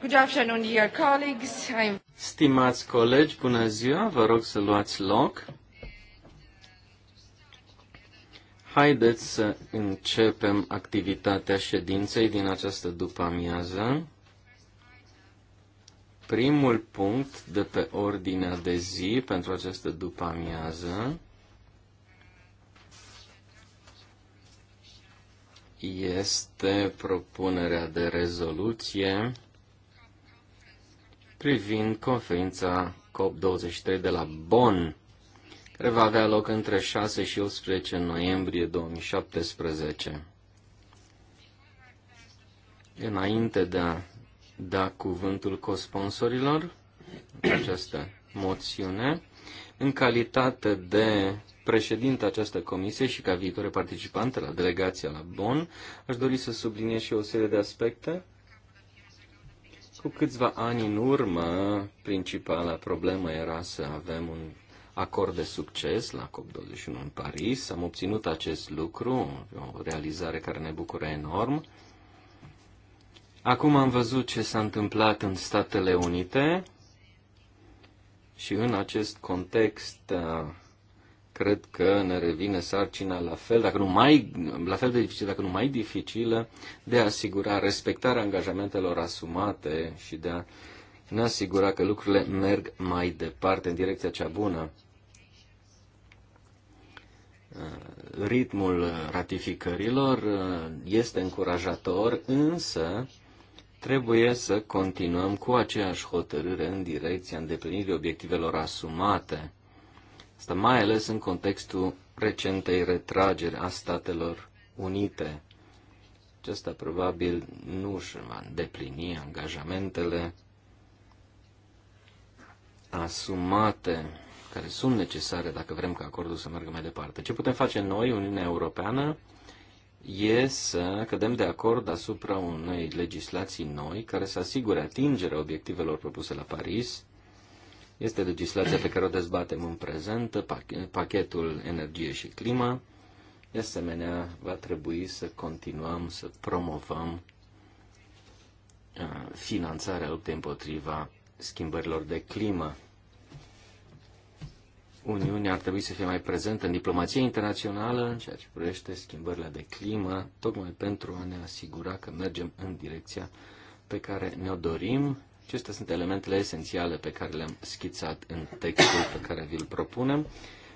Good afternoon, dear colleagues. I'm... Stimați colegi, bună ziua, vă rog să luați loc. Haideți să începem activitatea ședinței din această după-amiază. Primul punct de pe ordinea de zi pentru această după-amiază este propunerea de rezoluție privind conferința COP23 de la Bonn, care va avea loc între 6 și 18 noiembrie 2017. Înainte de a da cuvântul cosponsorilor, această moțiune, în calitate de președinte această comisie și ca viitoare participantă la delegația la Bonn, aș dori să subliniez și o serie de aspecte cu câțiva ani în urmă, principala problemă era să avem un acord de succes la COP21 în Paris. Am obținut acest lucru, o realizare care ne bucură enorm. Acum am văzut ce s-a întâmplat în Statele Unite și în acest context uh, cred că ne revine sarcina la fel, dacă nu mai, la fel de dificil, dacă nu mai dificilă, de a asigura respectarea angajamentelor asumate și de a ne asigura că lucrurile merg mai departe în direcția cea bună. Uh, ritmul ratificărilor uh, este încurajator, însă trebuie să continuăm cu aceeași hotărâre în direcția îndeplinirii obiectivelor asumate. Asta mai ales în contextul recentei retrageri a Statelor Unite. Acesta probabil nu își va îndeplini angajamentele asumate care sunt necesare dacă vrem ca acordul să meargă mai departe. Ce putem face noi, Uniunea Europeană, e să cădem de acord asupra unei legislații noi care să asigure atingerea obiectivelor propuse la Paris este legislația pe care o dezbatem în prezent, pachetul energie și climă. De asemenea, va trebui să continuăm să promovăm finanțarea luptei împotriva schimbărilor de climă. Uniunea ar trebui să fie mai prezentă în diplomația internațională în ceea ce privește schimbările de climă, tocmai pentru a ne asigura că mergem în direcția pe care ne-o dorim Acestea sunt elementele esențiale pe care le-am schițat în textul pe care vi-l propunem.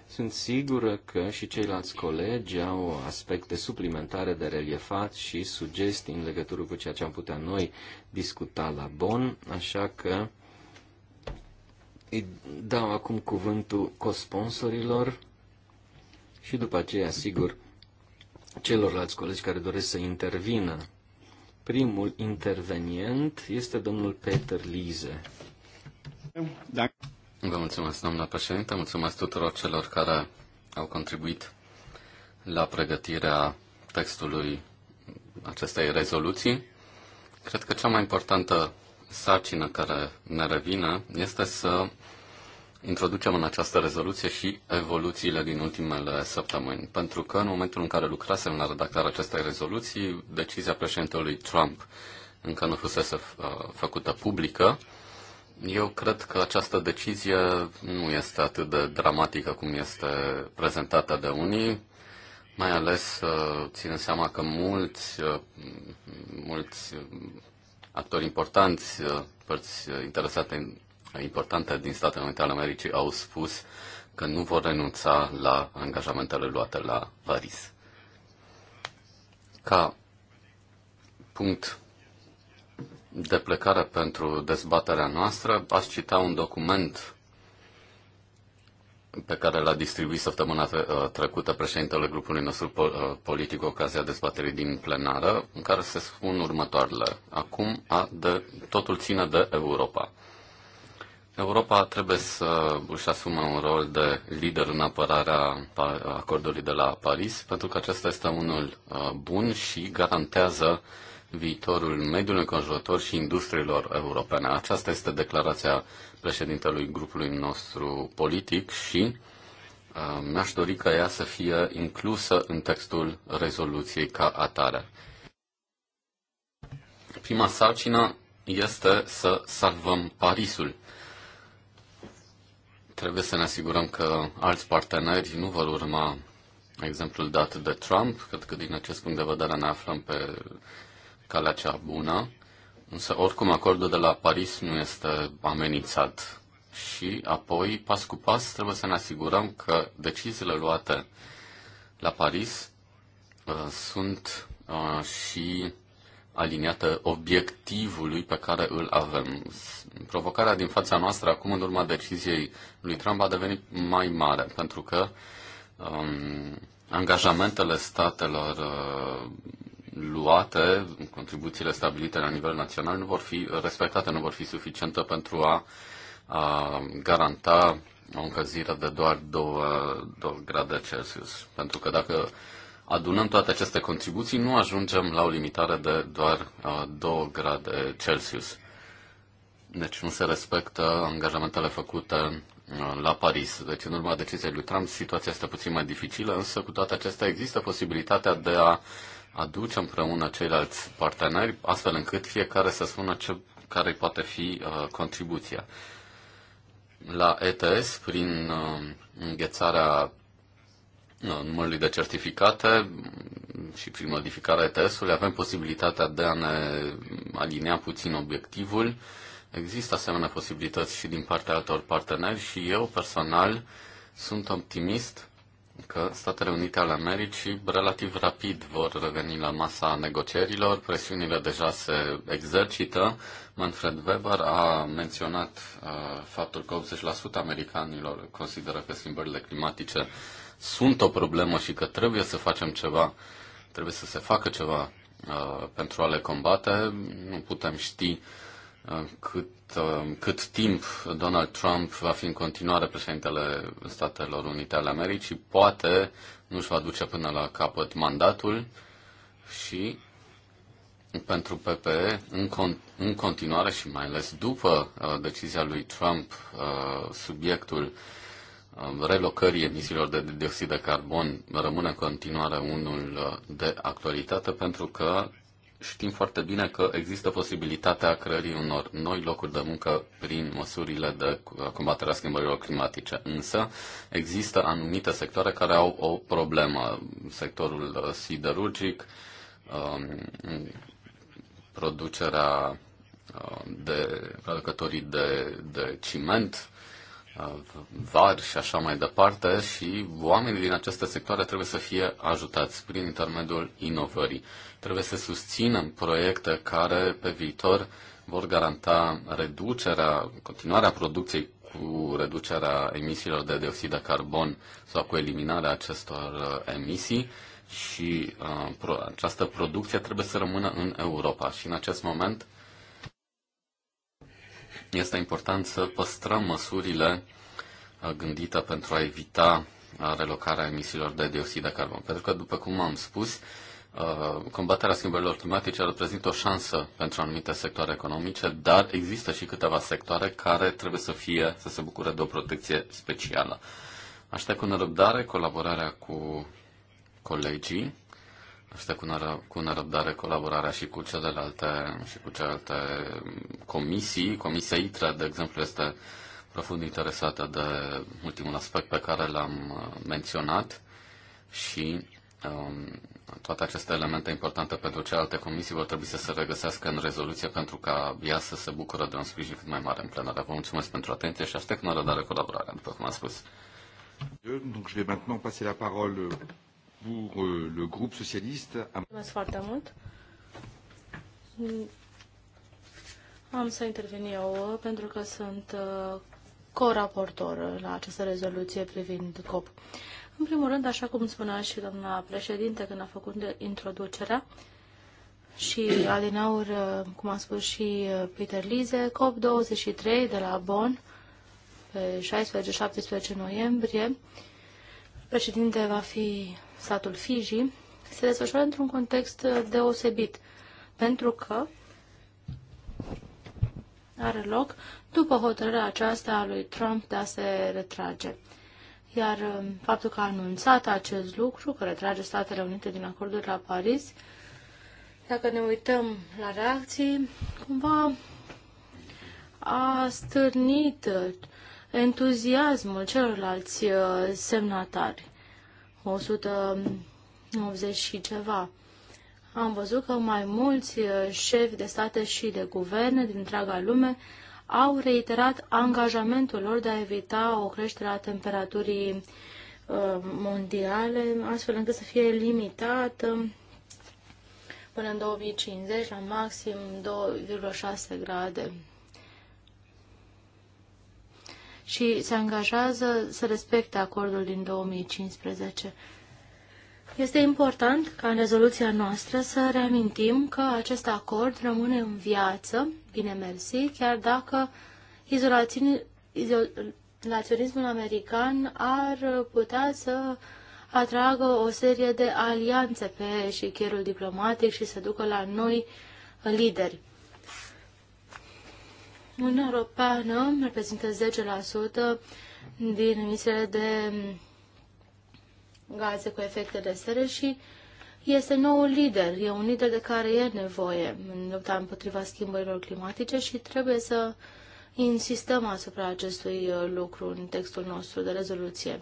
Sunt sigură că și ceilalți colegi au aspecte suplimentare de reliefat și sugestii în legătură cu ceea ce am putea noi discuta la Bon, așa că îi dau acum cuvântul cosponsorilor și după aceea, sigur, celorlalți colegi care doresc să intervină. Primul intervenient este domnul Peter Lize. Da. Vă mulțumesc, doamna președinte, mulțumesc tuturor celor care au contribuit la pregătirea textului acestei rezoluții. Cred că cea mai importantă sarcină care ne revine este să introducem în această rezoluție și evoluțiile din ultimele săptămâni. Pentru că în momentul în care lucrasem la redactarea acestei rezoluții, decizia președintelui Trump încă nu fusese uh, făcută publică. Eu cred că această decizie nu este atât de dramatică cum este prezentată de unii, mai ales uh, ținând seama că mulți, uh, mulți actori importanți, părți interesate importante din Statele Unite ale Americii au spus că nu vor renunța la angajamentele luate la Paris. Ca punct de plecare pentru dezbaterea noastră, aș cita un document pe care l-a distribuit săptămâna uh, trecută președintele grupului nostru uh, politic ocazia dezbaterii din plenară, în care se spun următoarele. Acum a de, totul ține de Europa. Europa trebuie să își asume un rol de lider în apărarea acordului de la Paris, pentru că acesta este unul uh, bun și garantează viitorul mediului înconjurător și industriilor europene. Aceasta este declarația președintelui grupului nostru politic și uh, mi-aș dori ca ea să fie inclusă în textul rezoluției ca atare. Prima sarcină este să salvăm Parisul Trebuie să ne asigurăm că alți parteneri nu vor urma exemplul dat de Trump. Cred că din acest punct de vedere ne aflăm pe calea cea bună. Însă, oricum, acordul de la Paris nu este amenințat. Și apoi, pas cu pas, trebuie să ne asigurăm că deciziile luate la Paris uh, sunt uh, și aliniată obiectivului pe care îl avem. Provocarea din fața noastră acum, în urma deciziei lui Trump, a devenit mai mare, pentru că um, angajamentele statelor uh, luate, contribuțiile stabilite la nivel național, nu vor fi respectate, nu vor fi suficiente pentru a, a garanta o încălzire de doar 2 grade Celsius. Pentru că dacă Adunând toate aceste contribuții, nu ajungem la o limitare de doar 2 grade Celsius. Deci nu se respectă angajamentele făcute la Paris. Deci în urma deciziei lui Trump situația este puțin mai dificilă, însă cu toate acestea există posibilitatea de a aduce împreună ceilalți parteneri, astfel încât fiecare să spună ce, care poate fi uh, contribuția. La ETS, prin uh, înghețarea numărului de certificate și prin modificarea ETS-ului avem posibilitatea de a ne alinea puțin obiectivul. Există asemenea posibilități și din partea altor parteneri și eu personal sunt optimist că Statele Unite ale Americii relativ rapid vor reveni la masa negocierilor, presiunile deja se exercită. Manfred Weber a menționat uh, faptul că 80% americanilor consideră că schimbările climatice uh, sunt o problemă și că trebuie să facem ceva, trebuie să se facă ceva uh, pentru a le combate. Nu putem ști uh, cât, uh, cât timp Donald Trump va fi în continuare președintele Statelor Unite ale Americii. Poate nu își va duce până la capăt mandatul și pentru PPE, în, con- în continuare și mai ales după uh, decizia lui Trump, uh, subiectul uh, relocării emisiilor de dioxid de carbon rămâne în continuare unul uh, de actualitate pentru că știm foarte bine că există posibilitatea creării unor noi locuri de muncă prin măsurile de combatere a schimbărilor climatice. Însă există anumite sectoare care au o problemă. Sectorul uh, siderurgic, um, producerea uh, de producătorii de, de ciment, var și așa mai departe și oamenii din aceste sectoare trebuie să fie ajutați prin intermediul inovării. Trebuie să susținem proiecte care pe viitor vor garanta reducerea, continuarea producției cu reducerea emisiilor de dioxid de carbon sau cu eliminarea acestor uh, emisii și uh, pro, această producție trebuie să rămână în Europa. Și în acest moment este important să păstrăm măsurile uh, gândite pentru a evita uh, relocarea emisiilor de dioxid de carbon. Pentru că, după cum am spus, uh, combaterea schimbărilor climatice reprezintă o șansă pentru anumite sectoare economice, dar există și câteva sectoare care trebuie să fie, să se bucure de o protecție specială. Aștept cu nerăbdare colaborarea cu colegii asta cu, neră- cu nerăbdare colaborarea și cu celelalte, și cu celelalte comisii. Comisia ITRE, de exemplu, este profund interesată de ultimul aspect pe care l-am uh, menționat și um, toate aceste elemente importante pentru celelalte comisii vor trebui să se regăsească în rezoluție pentru ca ea să se bucură de un sprijin cât mai mare în plenară. Vă mulțumesc pentru atenție și aștept cu nerăbdare colaborarea, după cum am spus. donc je vais maintenant passer la parole euh, pour euh, le groupe socialiste. Mulțumesc foarte mult. Am să intervin eu pentru că sunt uh, co-raportor la această rezoluție privind COP. În primul rând, așa cum spunea și doamna președinte când a făcut introducerea, și Alinaur, uh, cum a spus și uh, Peter Lize, COP23 de la Bonn, pe 16-17 noiembrie. Președinte va fi satul Fiji, se desfășoară într-un context uh, deosebit, pentru că are loc după hotărârea aceasta a lui Trump de a se retrage. Iar um, faptul că a anunțat acest lucru, că retrage Statele Unite din acordul la Paris, dacă ne uităm la reacții, cumva a stârnit uh, entuziasmul celorlalți uh, semnatari. 180 și ceva. Am văzut că mai mulți uh, șefi de state și de guverne din întreaga lume au reiterat angajamentul lor de a evita o creștere a temperaturii uh, mondiale, astfel încât să fie limitată până în 2050 la maxim 2,6 grade și se angajează să respecte acordul din 2015. Este important ca în rezoluția noastră să reamintim că acest acord rămâne în viață, bine mersi, chiar dacă izolaționismul american ar putea să atragă o serie de alianțe pe șichierul diplomatic și să ducă la noi lideri. Uniunea Europeană reprezintă 10% din emisiile de gaze cu efecte de seră și este nou lider. E un lider de care e nevoie în lupta împotriva schimbărilor climatice și trebuie să insistăm asupra acestui uh, lucru în textul nostru de rezoluție.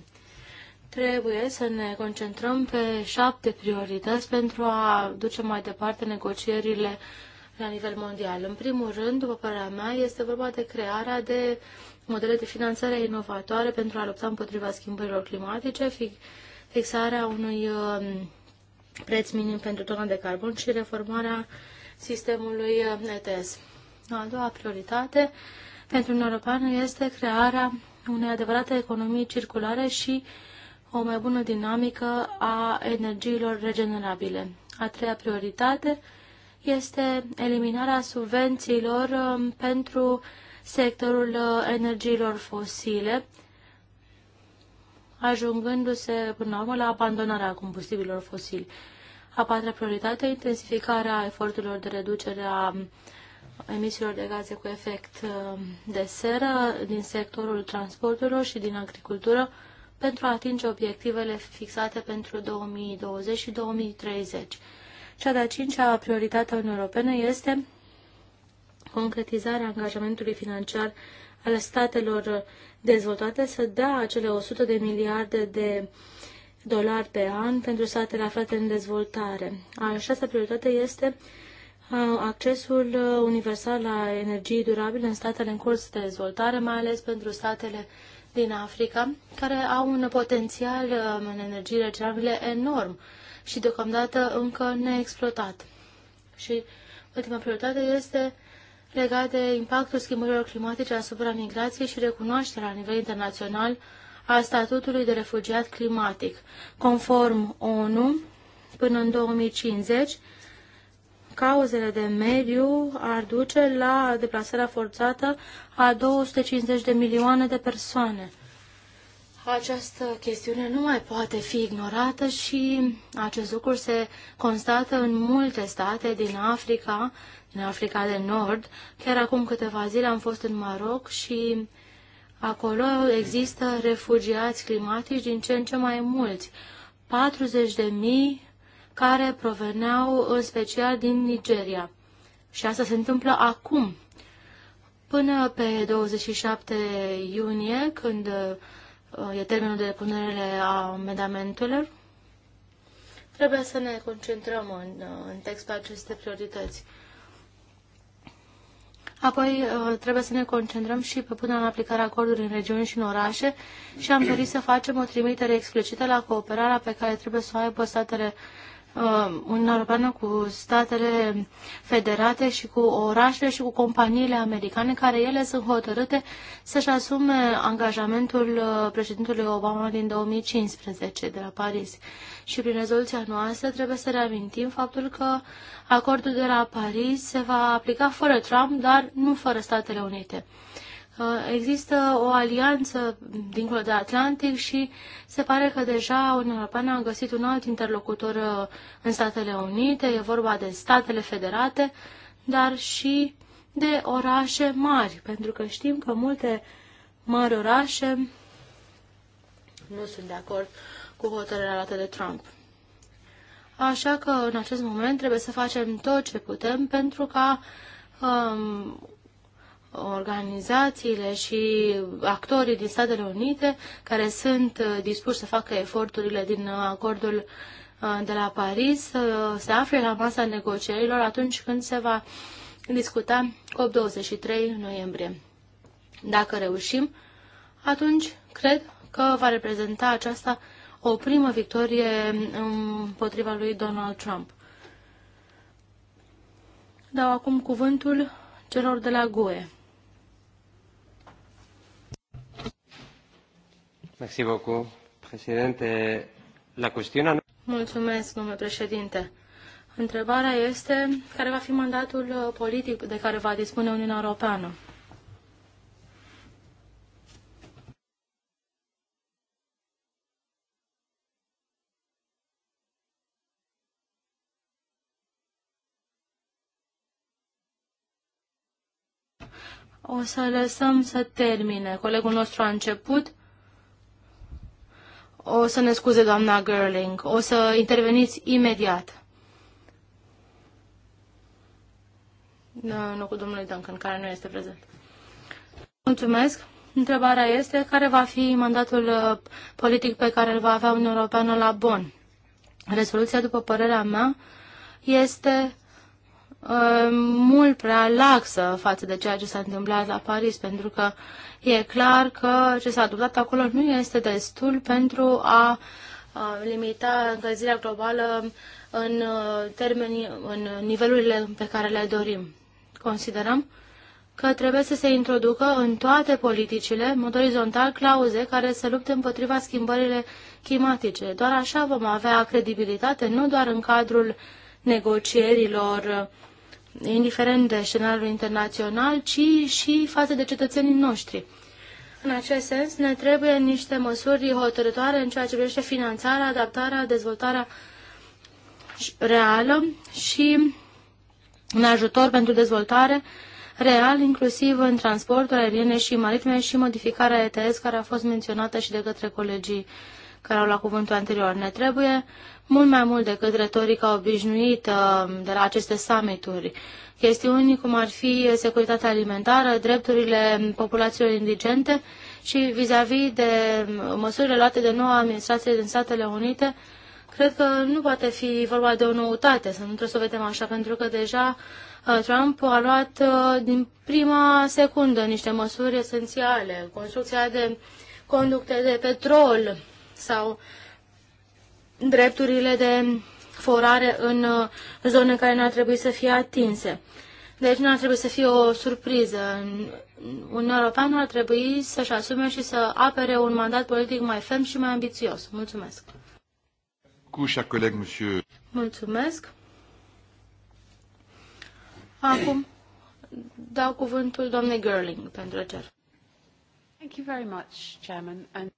Trebuie să ne concentrăm pe șapte priorități pentru a duce mai departe negocierile la nivel mondial. În primul rând, după părerea mea, este vorba de crearea de modele de finanțare inovatoare pentru a lupta împotriva schimbărilor climatice, fixarea unui um, preț minim pentru tona de carbon și reformarea sistemului um, ETS. A doua prioritate pentru Uniunea Europeană este crearea unei adevărate economii circulare și o mai bună dinamică a energiilor regenerabile. A treia prioritate este eliminarea subvențiilor um, pentru sectorul uh, energiilor fosile, ajungându-se până la urmă la abandonarea combustibilor fosili. A patra prioritate, intensificarea eforturilor de reducere a um, emisiilor de gaze cu efect um, de seră din sectorul transporturilor și din agricultură pentru a atinge obiectivele fixate pentru 2020 și 2030. Cea de-a cincea prioritate a Uniunii Europene este concretizarea angajamentului financiar al statelor dezvoltate să dea acele 100 de miliarde de dolari pe an pentru statele aflate în dezvoltare. A șasea prioritate este uh, accesul uh, universal la energii durabile în statele în curs de dezvoltare, mai ales pentru statele din Africa, care au un potențial uh, în energii regenerabile enorm și deocamdată încă neexploatat. Și ultima prioritate este legat de impactul schimbărilor climatice asupra migrației și recunoașterea la nivel internațional a statutului de refugiat climatic. Conform ONU, până în 2050, cauzele de mediu ar duce la deplasarea forțată a 250 de milioane de persoane. Această chestiune nu mai poate fi ignorată și acest lucru se constată în multe state din Africa, din Africa de Nord. Chiar acum câteva zile am fost în Maroc și acolo există refugiați climatici din ce în ce mai mulți. 40 de mii care proveneau în special din Nigeria. Și asta se întâmplă acum. Până pe 27 iunie, când Uh, e termenul de depunere a amendamentelor. Trebuie să ne concentrăm în, uh, în text pe aceste priorități. Apoi uh, trebuie să ne concentrăm și pe punerea în aplicare acordului în regiuni și în orașe și am dorit să facem o trimitere explicită la cooperarea pe care trebuie să o aibă statele Uh, Uniunea Europeană cu statele federate și cu orașele și cu companiile americane, care ele sunt hotărâte să-și asume angajamentul uh, președintelui Obama din 2015 de la Paris. Și prin rezoluția noastră trebuie să reamintim faptul că acordul de la Paris se va aplica fără Trump, dar nu fără Statele Unite. Uh, există o alianță dincolo de Atlantic și se pare că deja Uniunea Europeană a găsit un alt interlocutor uh, în Statele Unite, e vorba de Statele Federate, dar și de orașe mari, pentru că știm că multe mari orașe nu sunt de acord cu hotărârea luată de Trump. Așa că, în acest moment, trebuie să facem tot ce putem pentru ca um, organizațiile și actorii din Statele Unite care sunt uh, dispuși să facă eforturile din uh, acordul uh, de la Paris se afle la masa negocierilor atunci când se va discuta COP23 noiembrie. Dacă reușim, atunci cred că va reprezenta aceasta o primă victorie împotriva lui Donald Trump. Dau acum cuvântul celor de la GUE. Mulțumesc, domnule președinte. Întrebarea este care va fi mandatul uh, politic de care va dispune Uniunea Europeană. O să lăsăm să termine. Colegul nostru a început. O să ne scuze, doamna Gerling. O să interveniți imediat. Nu, da, nu cu domnului Duncan, care nu este prezent. Mulțumesc. Întrebarea este care va fi mandatul uh, politic pe care îl va avea Uniunea Europeană la Bonn. Rezoluția, după părerea mea, este Uh, mult prea laxă față de ceea ce s-a întâmplat la Paris, pentru că e clar că ce s-a adoptat acolo nu este destul pentru a limita încălzirea globală în uh, termeni, în nivelurile pe care le dorim. Considerăm că trebuie să se introducă în toate politicile, în mod orizontal, clauze care să lupte împotriva schimbările climatice. Doar așa vom avea credibilitate, nu doar în cadrul negocierilor uh, indiferent de scenariul internațional, ci și față de cetățenii noștri. În acest sens, ne trebuie niște măsuri hotărătoare în ceea ce privește finanțarea, adaptarea, dezvoltarea reală și un ajutor pentru dezvoltare real, inclusiv în transportul aeriene și maritime și modificarea ETS care a fost menționată și de către colegii care au luat cuvântul anterior. Ne trebuie mult mai mult decât retorica obișnuită uh, de la aceste summituri. Chestiuni cum ar fi securitatea alimentară, drepturile populațiilor indigente și vis-a-vis -vis de măsurile luate de noua administrație din Statele Unite, cred că nu poate fi vorba de o noutate, să nu trebuie să o vedem așa, pentru că deja uh, Trump a luat uh, din prima secundă niște măsuri esențiale, construcția de conducte de petrol sau drepturile de forare în uh, zone care nu ar trebui să fie atinse. Deci nu ar trebui să fie o surpriză. Uniunea nu ar trebui să-și asume și să apere un mandat politic mai ferm și mai ambițios. Mulțumesc. Cu coleg, monsieur. Mulțumesc. Acum dau cuvântul doamnei Gerling pentru cer. Thank you very much, Chairman. And...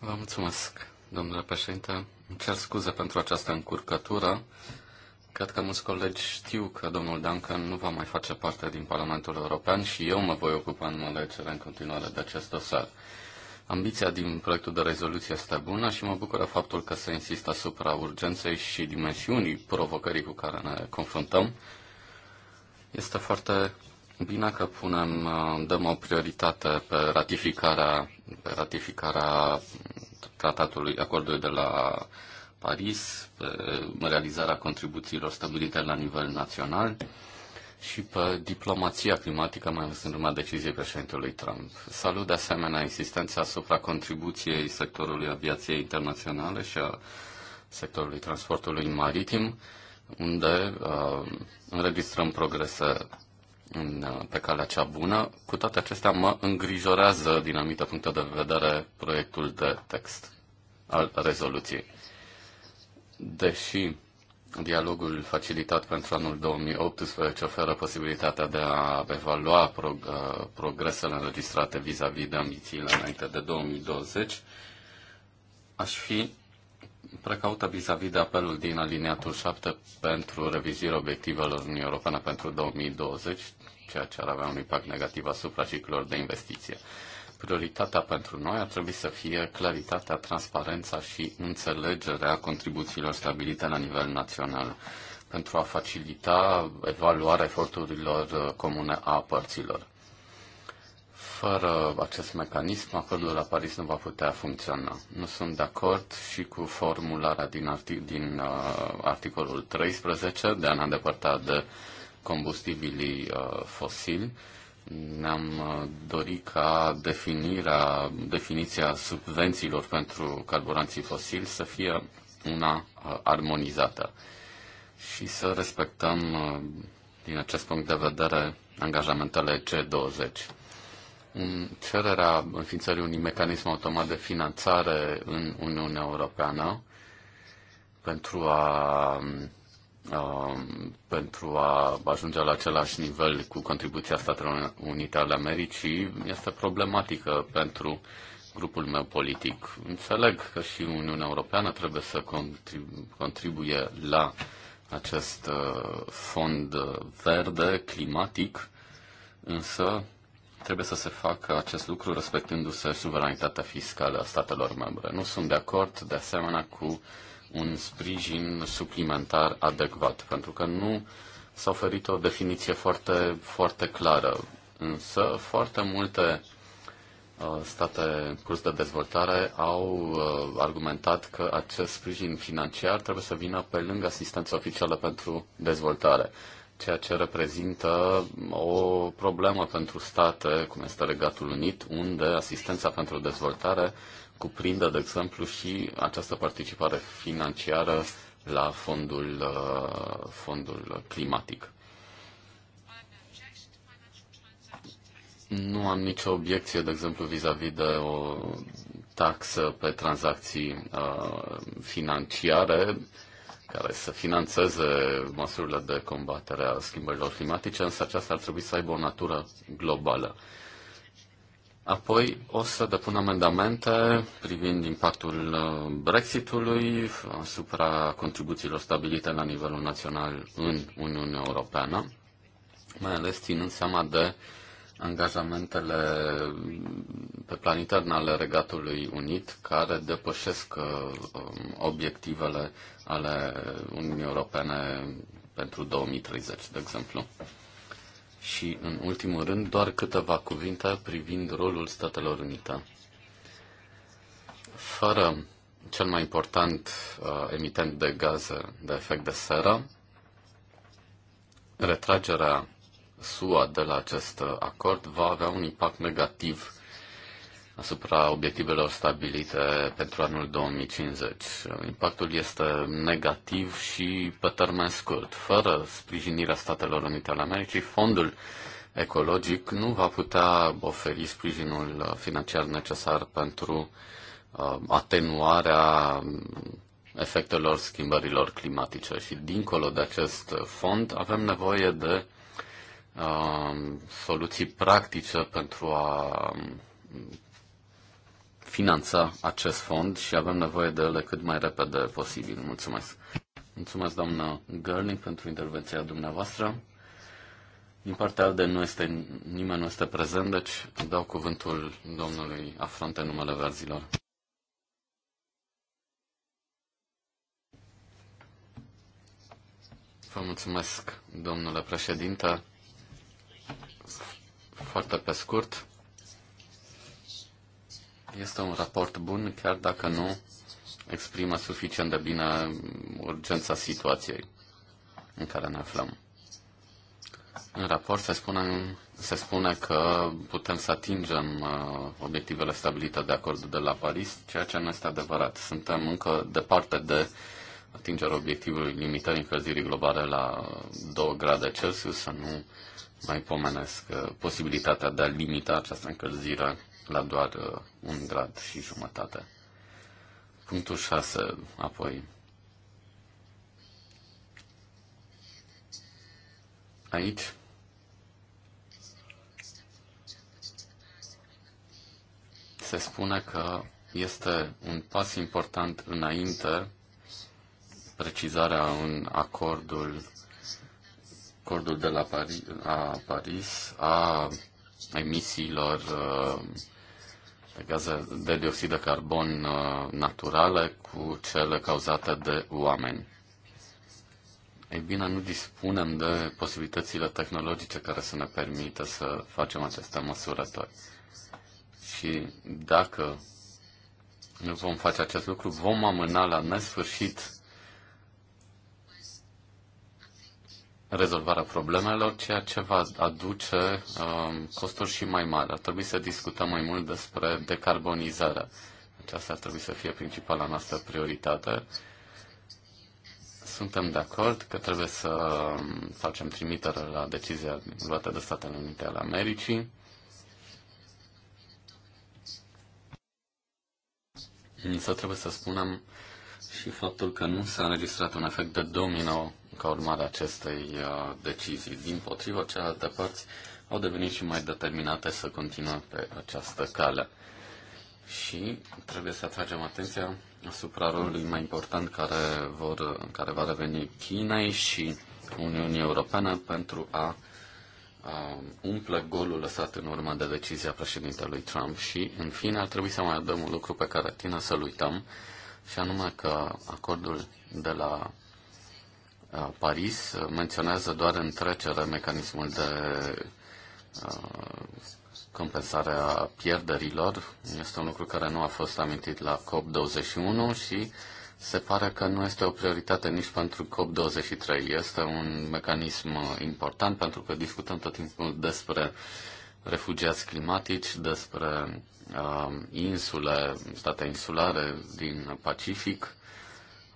Vă mulțumesc, domnule președinte. Îmi cer scuze pentru această încurcătură. Cred că mulți colegi știu că domnul Duncan nu va mai face parte din Parlamentul European și eu mă voi ocupa în alegere în continuare de acest dosar. Ambiția din proiectul de rezoluție este bună și mă bucură faptul că se insistă asupra urgenței și dimensiunii provocării cu care ne confruntăm. Este foarte bine că punem, dăm o prioritate pe ratificarea, pe ratificarea tratatului, acordului de la Paris, pe realizarea contribuțiilor stabilite la nivel național și pe diplomația climatică, mai ales în urma deciziei președintelui Trump. Salut de asemenea insistența asupra contribuției sectorului aviației internaționale și a sectorului transportului maritim, unde uh, înregistrăm progrese în, pe calea cea bună. Cu toate acestea, mă îngrijorează din anumite puncte de vedere proiectul de text al rezoluției. Deși dialogul facilitat pentru anul 2018 oferă posibilitatea de a evalua prog- uh, progresele înregistrate vis-a-vis -vis de ambițiile înainte de 2020, aș fi precaută vis-a-vis de apelul din aliniatul 7 pentru revizirea obiectivelor Uniunii Europene pentru 2020, ceea ce ar avea un impact negativ asupra ciclurilor de investiție. Prioritatea pentru noi ar trebui să fie claritatea, transparența și înțelegerea contribuțiilor stabilite la nivel național pentru a facilita evaluarea eforturilor uh, comune a părților. Fără acest mecanism, acordul la Paris nu va putea funcționa. Nu sunt de acord și cu formularea din, artic- din uh, articolul 13 de a ne îndepărta de combustibilii uh, fosili. Ne-am uh, dorit ca definirea, definiția subvențiilor pentru carburanții fosili să fie una uh, armonizată și să respectăm, uh, din acest punct de vedere, angajamentele C20 cererea înființării unui mecanism automat de finanțare în Uniunea Europeană pentru a, a, pentru a ajunge la același nivel cu contribuția Statelor Unite ale Americii este problematică pentru grupul meu politic. Înțeleg că și Uniunea Europeană trebuie să contribu contribuie la acest uh, fond verde climatic, însă trebuie să se facă acest lucru respectându-se suveranitatea fiscală a statelor membre. Nu sunt de acord, de asemenea, cu un sprijin suplimentar adecvat, pentru că nu s-a oferit o definiție foarte, foarte clară. Însă, foarte multe uh, state în curs de dezvoltare au uh, argumentat că acest sprijin financiar trebuie să vină pe lângă asistența oficială pentru dezvoltare ceea ce reprezintă o problemă pentru state, cum este Regatul Unit, unde asistența pentru dezvoltare cuprinde, de exemplu, și această participare financiară la fondul, uh, fondul climatic. Nu am nicio obiecție, de exemplu, vis-a-vis -vis de o taxă pe tranzacții uh, financiare care să finanțeze măsurile de combatere a schimbărilor climatice, însă aceasta ar trebui să aibă o natură globală. Apoi o să depun amendamente privind impactul uh, Brexitului asupra contribuțiilor stabilite la nivelul național în Uniunea Europeană, mai ales ținând seama de uh, angajamentele pe plan intern ale Regatului Unit, care depășesc uh, um, obiectivele ale Uniunii Europene pentru 2030, de exemplu. Și, în ultimul rând, doar câteva cuvinte privind rolul Statelor Unite. Fără cel mai important uh, emitent de gaze de efect de seră, retragerea SUA de la acest acord va avea un impact negativ asupra obiectivelor stabilite pentru anul 2050. Impactul este negativ și pe termen scurt. Fără sprijinirea Statelor Unite ale Americii, fondul ecologic nu va putea oferi sprijinul financiar necesar pentru uh, atenuarea efectelor schimbărilor climatice. Și dincolo de acest fond avem nevoie de Um, soluții practice pentru a um, finanța acest fond și avem nevoie de ele cât mai repede posibil. Mulțumesc. Mulțumesc, doamnă Gărling, pentru intervenția dumneavoastră. Din partea de nu este, nimeni nu este prezent, deci dau cuvântul domnului Afronte numele verzilor. Vă mulțumesc, domnule președinte. Foarte pe scurt, este un raport bun, chiar dacă nu exprimă suficient de bine urgența situației în care ne aflăm. În raport se spune, se spune că putem să atingem uh, obiectivele stabilite de acordul de la Paris, ceea ce nu este adevărat. Suntem încă departe de atingerea obiectivului limitării încălzirii globale la 2 grade Celsius, să nu mai pomenesc uh, posibilitatea de a limita această încălzire la doar uh, un grad și jumătate. Punctul 6, apoi. Aici se spune că este un pas important înainte precizarea în acordul, acordul de la Paris, a, Paris a emisiilor uh, de gaze de dioxid de carbon uh, naturale cu cele cauzate de oameni. Ei bine, nu dispunem de posibilitățile tehnologice care să ne permită să facem aceste măsurători. Și dacă nu vom face acest lucru, vom amâna la nesfârșit rezolvarea problemelor, ceea ce va aduce um, costuri și mai mari. Ar trebui să discutăm mai mult despre decarbonizare. Aceasta ar trebui să fie principala noastră prioritate. Suntem de acord că trebuie să um, facem trimitere la decizia luată de Statele Unite ale Americii. Însă trebuie să spunem și faptul că nu s-a înregistrat un efect de domino ca urmare a acestei uh, decizii. Din potrivă, celelalte părți au devenit și mai determinate să continue pe această cale. Și trebuie să atragem atenția asupra rolului mai important care, vor, care va reveni Chinei și Uniunii Europene pentru a, a umple golul lăsat în urmă de decizia președintelui Trump și, în fine, ar trebui să mai adăm un lucru pe care tine să-l uităm, și anume că acordul de la Paris menționează doar în trecere mecanismul de a pierderilor. Este un lucru care nu a fost amintit la COP21 și se pare că nu este o prioritate nici pentru COP23. Este un mecanism important pentru că discutăm tot timpul despre refugiați climatici, despre uh, insule, state insulare din Pacific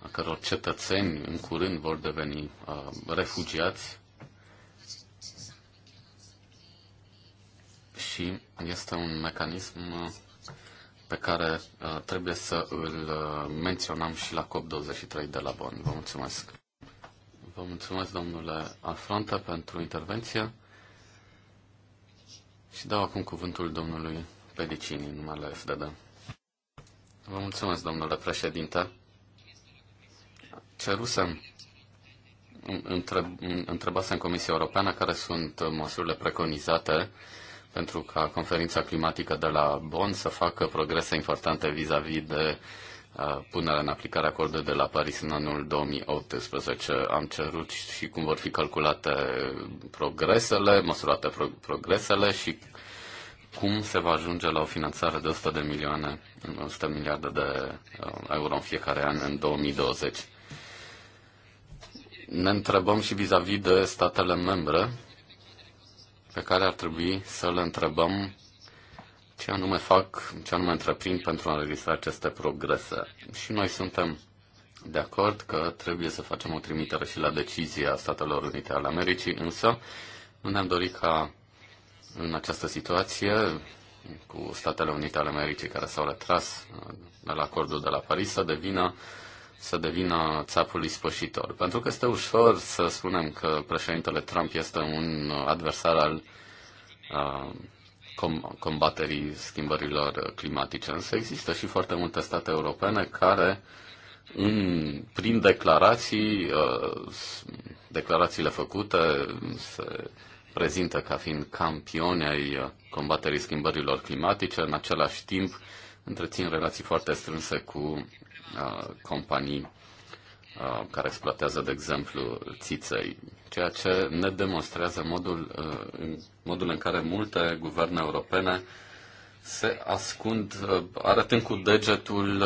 a căror cetățeni în curând vor deveni a, uh, refugiați și este un mecanism uh, pe care a, uh, trebuie să îl menționăm și la COP23 de la Bonn. Vă mulțumesc! Vă mulțumesc, domnule Afronta, pentru intervenție și dau acum cuvântul domnului Pedicini, numele FDD. Vă mulțumesc, domnule președinte cerusem întrebasem în Comisia Europeană care sunt măsurile preconizate pentru ca conferința climatică de la Bonn să facă progrese importante vis-a-vis -vis de uh, punerea în aplicare a acordului de la Paris în anul 2018. Am cerut și cum vor fi calculate progresele, măsurate pro- progresele și cum se va ajunge la o finanțare de 100 de milioane, 100 miliarde de uh, euro în fiecare an în 2020 ne întrebăm și vis-a-vis -vis de statele membre pe care ar trebui să le întrebăm ce anume fac, ce anume întreprind pentru a înregistra aceste progrese. Și noi suntem de acord că trebuie să facem o trimitere și la decizia Statelor Unite ale Americii, însă nu ne-am dorit ca în această situație cu Statele Unite ale Americii care s-au retras de la acordul de la Paris să devină să devină țapul ispășitor. Pentru că este ușor să spunem că președintele Trump este un adversar al uh, combaterii schimbărilor climatice. Însă există și foarte multe state europene care, în, prin declarații, uh, declarațiile făcute, se prezintă ca fiind campioni ai combaterii schimbărilor climatice, în același timp întrețin relații foarte strânse cu companii care exploatează, de exemplu, țiței, ceea ce ne demonstrează modul, modul în care multe guverne europene se ascund, arătând cu degetul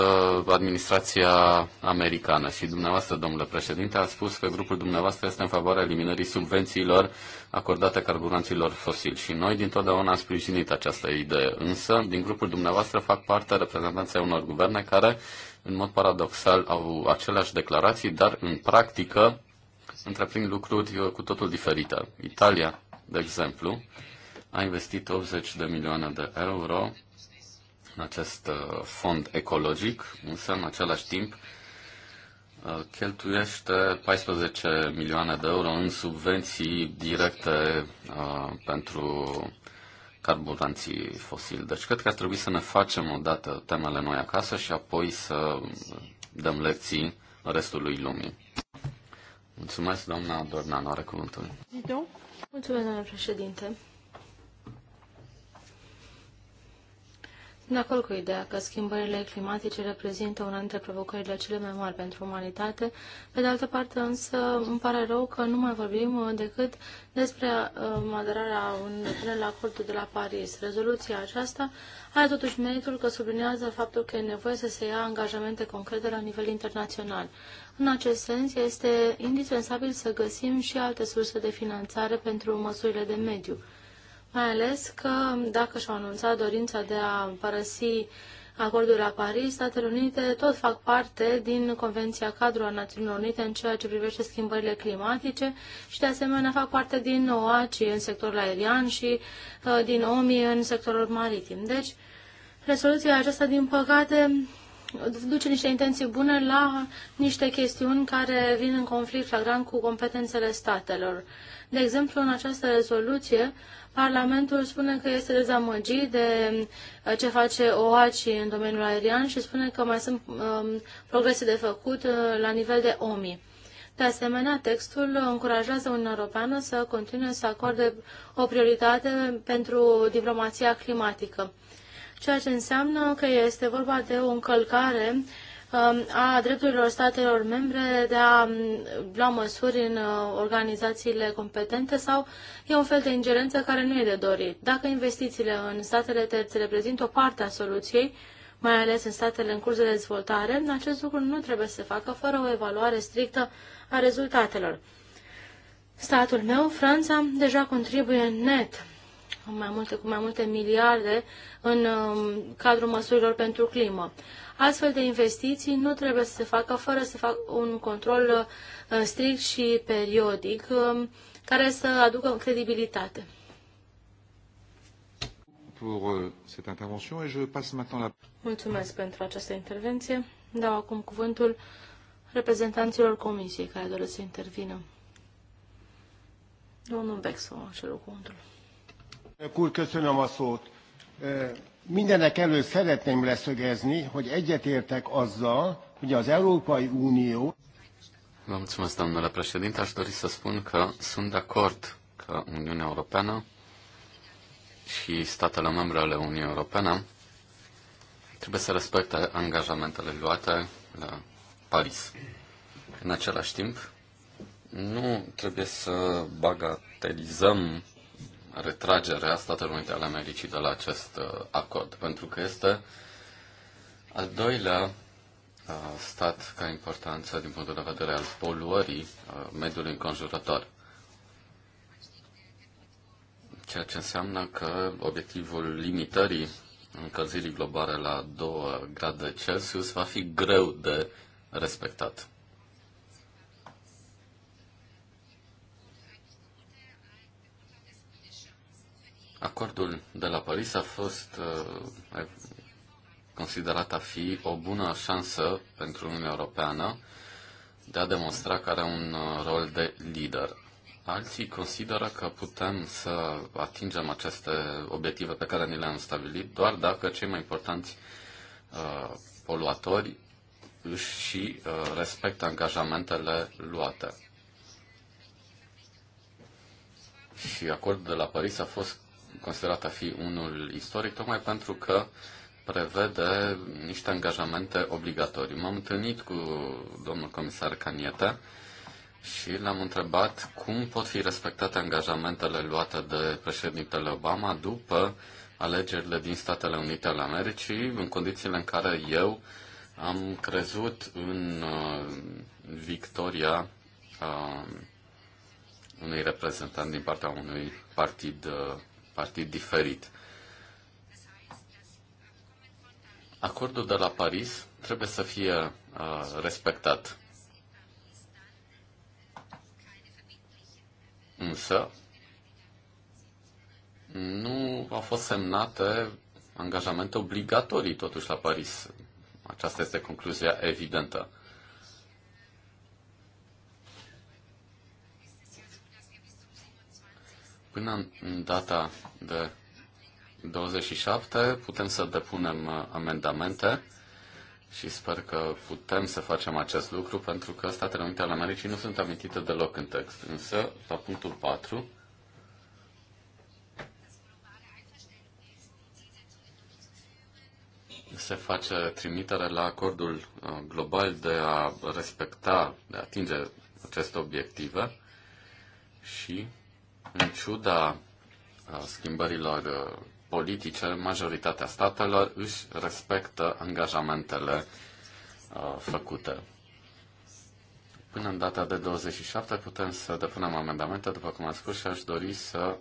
administrația americană. Și dumneavoastră, domnule președinte, a spus că grupul dumneavoastră este în favoarea eliminării subvențiilor acordate carburanților fosili. Și noi dintotdeauna am sprijinit această idee. Însă, din grupul dumneavoastră fac parte reprezentanții unor guverne care în mod paradoxal, au aceleași declarații, dar în practică întreprind lucruri uh, cu totul diferite. Italia, de exemplu, a investit 80 de milioane de euro în acest uh, fond ecologic, însă în același timp uh, cheltuiește 14 milioane de euro în subvenții directe pentru carburanții fosili. Deci cred că ar trebui să ne facem odată temele noi acasă și apoi să dăm lecții restului lumii. Mulțumesc, doamna Dornan, are cuvântul. Mulțumesc, doamna președinte. În de acord cu ideea că schimbările climatice reprezintă una dintre provocările cele mai mari pentru umanitate. Pe de altă parte, însă, îmi pare rău că nu mai vorbim uh, decât despre um, aderarea în, la acordul de la Paris. Rezoluția aceasta are totuși meritul că sublinează faptul că e nevoie să se ia angajamente concrete la nivel internațional. În acest sens, este indispensabil să găsim și alte surse de finanțare pentru măsurile de mediu mai ales că dacă și-au anunțat dorința de a părăsi acordul la Paris, Statele Unite tot fac parte din Convenția Cadru a Națiunilor Unite în ceea ce privește schimbările climatice și de asemenea fac parte din OACI în sectorul aerian și uh, din OMI în sectorul maritim. Deci, rezoluția aceasta, din păcate, duce niște intenții bune la niște chestiuni care vin în conflict flagrant cu competențele statelor. De exemplu, în această rezoluție Parlamentul spune că este dezamăgit de uh, ce face OACI în domeniul aerian și spune că mai sunt um, progrese de făcut uh, la nivel de OMI. De asemenea, textul încurajează Uniunea Europeană să continue să acorde o prioritate pentru diplomația climatică, ceea ce înseamnă că este vorba de o încălcare Um, a drepturilor statelor membre de a um, lua măsuri în uh, organizațiile competente sau e un fel de ingerență care nu e de dorit. Dacă investițiile în statele terțe reprezintă o parte a soluției, mai ales în statele în curs de dezvoltare, acest lucru nu trebuie să se facă fără o evaluare strictă a rezultatelor. Statul meu, Franța, deja contribuie net mai multe, cu mai multe miliarde în um, cadrul măsurilor pentru climă. Astfel de investiții nu trebuie să se facă fără să facă un control uh, strict și periodic um, care să aducă credibilitate. Pour uh, cette intervention et je passe maintenant la... Mulțumesc pentru această intervenție. Dau acum cuvântul reprezentanților comisiei care doresc să intervină. Domnul Bexo a cerut cuvântul. Cur, köszönöm a szót. Eh, Mindenek előtt szeretném leszögezni, hogy egyetértek azzal, hogy az Európai Unió... Vă mulțumesc, domnule președinte. Aș dori să spun că sunt de acord că Uniunea Europeană și statele membre ale Uniunii Europene trebuie să respecte angajamentele luate la Paris. În același timp, nu trebuie să bagatelizăm retragerea Statelor Unite ale Americii de la acest uh, acord, pentru că este al doilea uh, stat ca importanță din punctul de vedere al poluării uh, mediului înconjurător. Ceea ce înseamnă că obiectivul limitării încălzirii globale la 2 grade Celsius va fi greu de respectat. Acordul de la Paris a fost uh, considerat a fi o bună șansă pentru Uniunea Europeană de a demonstra că are un uh, rol de lider. Alții consideră că putem să atingem aceste obiective pe care ni le-am stabilit doar dacă cei mai importanți uh, poluatori își și uh, respectă angajamentele luate. Și acordul de la Paris a fost considerat a fi unul istoric, tocmai pentru că prevede niște angajamente obligatorii. M-am întâlnit cu domnul comisar Canieta și l-am întrebat cum pot fi respectate angajamentele luate de președintele Obama după alegerile din Statele Unite ale Americii, în condițiile în care eu am crezut în uh, victoria uh, unui reprezentant din partea unui partid uh, partid diferit. Acordul de la Paris trebuie să fie uh, respectat. Însă, nu au fost semnate angajamente obligatorii totuși la Paris. Aceasta este concluzia evidentă. Până în data de 27 putem să depunem uh, amendamente și sper că putem să facem acest lucru pentru că Statele Unite ale Americii nu sunt amintite deloc în text. Însă, la punctul 4, se face trimitere la acordul uh, global de a respecta, de a atinge aceste obiective și în ciuda uh, schimbărilor uh, politice, majoritatea statelor își respectă angajamentele uh, făcute. Până în data de 27 putem să depunem amendamente, după cum am spus, și aș dori să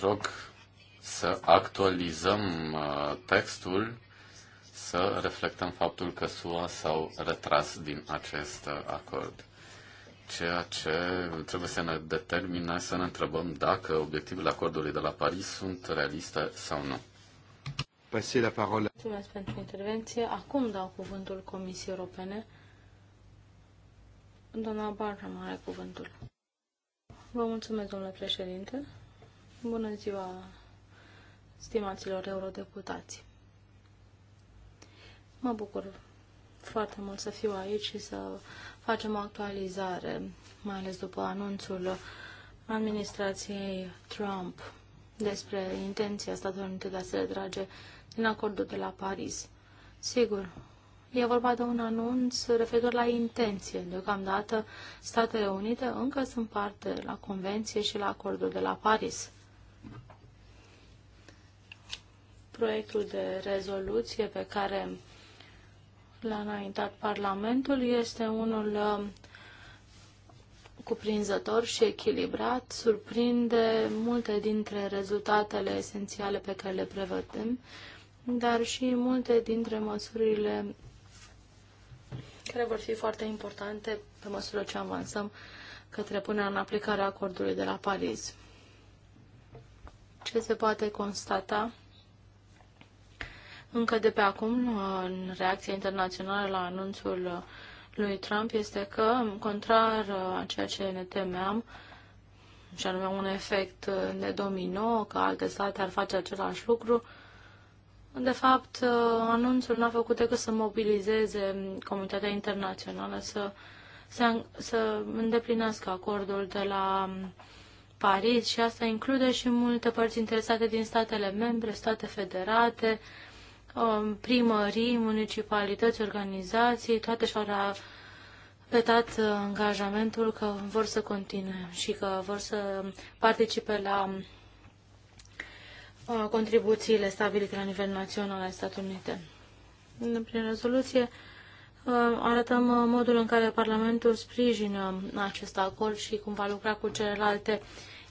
rog să actualizăm textul, să reflectăm faptul că SUA s-au retras din acest acord ceea ce trebuie să ne determine să ne întrebăm dacă obiectivele acordului de la Paris sunt realiste sau nu. Păi la parole. Mulțumesc pentru intervenție. Acum dau cuvântul Comisiei Europene. Doamna Barham are cuvântul. Vă mulțumesc, domnule președinte. Bună ziua, stimaților eurodeputați. Mă bucur foarte mult să fiu aici și să facem o actualizare, mai ales după anunțul administrației Trump despre intenția Statelor Unite de a se retrage din acordul de la Paris. Sigur, e vorba de un anunț referitor la intenție. Deocamdată, Statele Unite încă sunt parte la Convenție și la acordul de la Paris. Proiectul de rezoluție pe care l-a înaintat Parlamentul este unul um, cuprinzător și echilibrat, surprinde multe dintre rezultatele esențiale pe care le prevedem, dar și multe dintre măsurile care vor fi foarte importante pe măsură ce avansăm către punerea în aplicare a acordului de la Paris. Ce se poate constata încă de pe acum, în reacția internațională la anunțul lui Trump, este că, contrar a ceea ce ne temeam, și anume un efect de domino, că alte state ar face același lucru, de fapt, anunțul n-a făcut decât să mobilizeze comunitatea internațională să, să, să îndeplinească acordul de la Paris și asta include și multe părți interesate din statele membre, state federate, uh, Um, primării, municipalități, organizații, toate și-au repetat uh, angajamentul că vor să continue și că vor să participe la uh, contribuțiile stabilite la nivel național al Statelor Unite. Prin rezoluție uh, arătăm modul în care Parlamentul sprijină acest acord și cum va lucra cu celelalte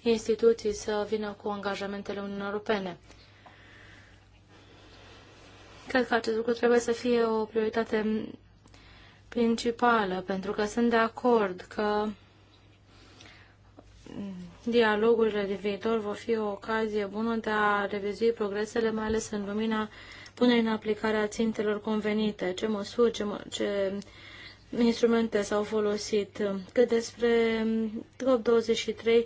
instituții să vină cu angajamentele Uniunii Europene. Cred că acest lucru trebuie să fie o prioritate principală, pentru că sunt de acord că dialogurile de viitor vor fi o ocazie bună de a revizui progresele, mai ales în lumina punerii în aplicare a țintelor convenite, ce măsuri, ce, mă, ce instrumente s-au folosit. Cât despre COP23,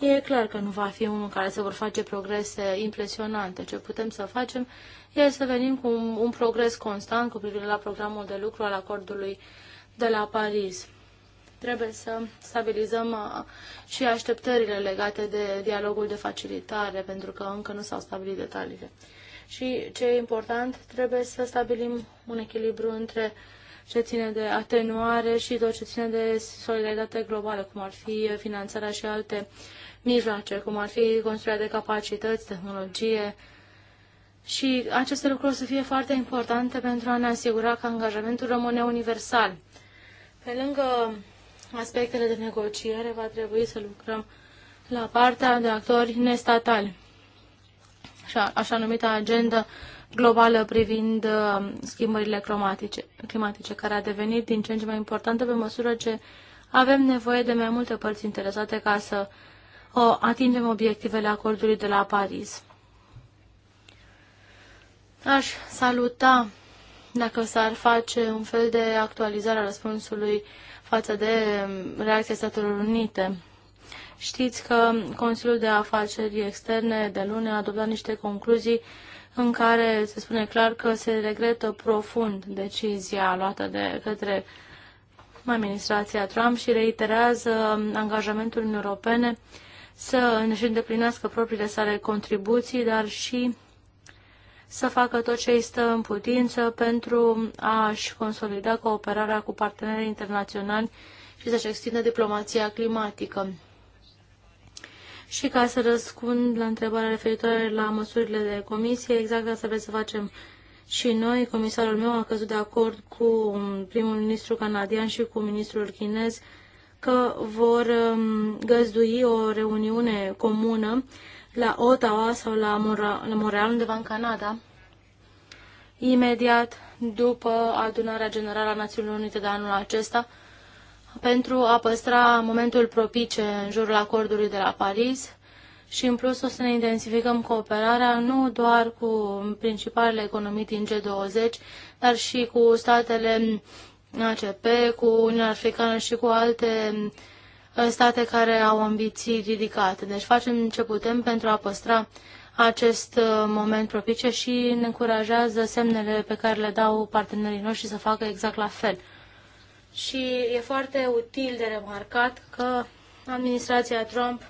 E clar că nu va fi unul care să vor face progrese impresionante. Ce putem să facem e să venim cu un, un progres constant cu privire la programul de lucru al acordului de la Paris. Trebuie să stabilizăm uh, și așteptările legate de dialogul de facilitare, pentru că încă nu s-au stabilit detaliile. Și ce e important, trebuie să stabilim un echilibru între ce ține de atenuare și tot ce ține de solidaritate globală, cum ar fi finanțarea și alte uh, mijloace, cum ar fi construirea de capacități, tehnologie, și aceste lucruri o să fie foarte importante pentru a ne asigura că angajamentul rămâne universal. Pe lângă aspectele de negociere, va trebui să lucrăm la partea de actori nestatali, așa, așa numită agenda globală privind uh, schimbările climatice, climatice, care a devenit din ce în ce mai importantă pe măsură ce avem nevoie de mai multe părți interesate ca să Ă, atingem obiectivele acordului de la Paris. Aș saluta dacă s-ar face un fel de actualizare a răspunsului față de reacția Statelor Unite. Știți că Consiliul de Afaceri Externe de luni a adoptat niște concluzii în care se spune clar că se regretă profund decizia luată de către administrația Trump și reiterează angajamentul în Europene să își îndeplinească propriile sale contribuții, dar și să facă tot ce îi stă în putință pentru a-și consolida cooperarea cu partenerii internaționali și să-și extindă diplomația climatică. Și ca să răspund la întrebarea referitoare la măsurile de comisie, exact asta vreți să facem și noi. Comisarul meu a căzut de acord cu primul ministru canadian și cu ministrul chinez că vor um, găzdui o reuniune comună la Ottawa sau la, Montreal, undeva în Canada, imediat după adunarea generală a Națiunilor Unite de anul acesta, pentru a păstra momentul propice în jurul acordului de la Paris și în plus o să ne intensificăm cooperarea nu doar cu principalele economii din G20, dar și cu statele ACP, cu Uniunea Africană și cu alte uh, state care au ambiții ridicate. Deci facem ce putem pentru a păstra acest uh, moment propice și ne încurajează semnele pe care le dau partenerii noștri să facă exact la fel. Și e foarte util de remarcat că administrația Trump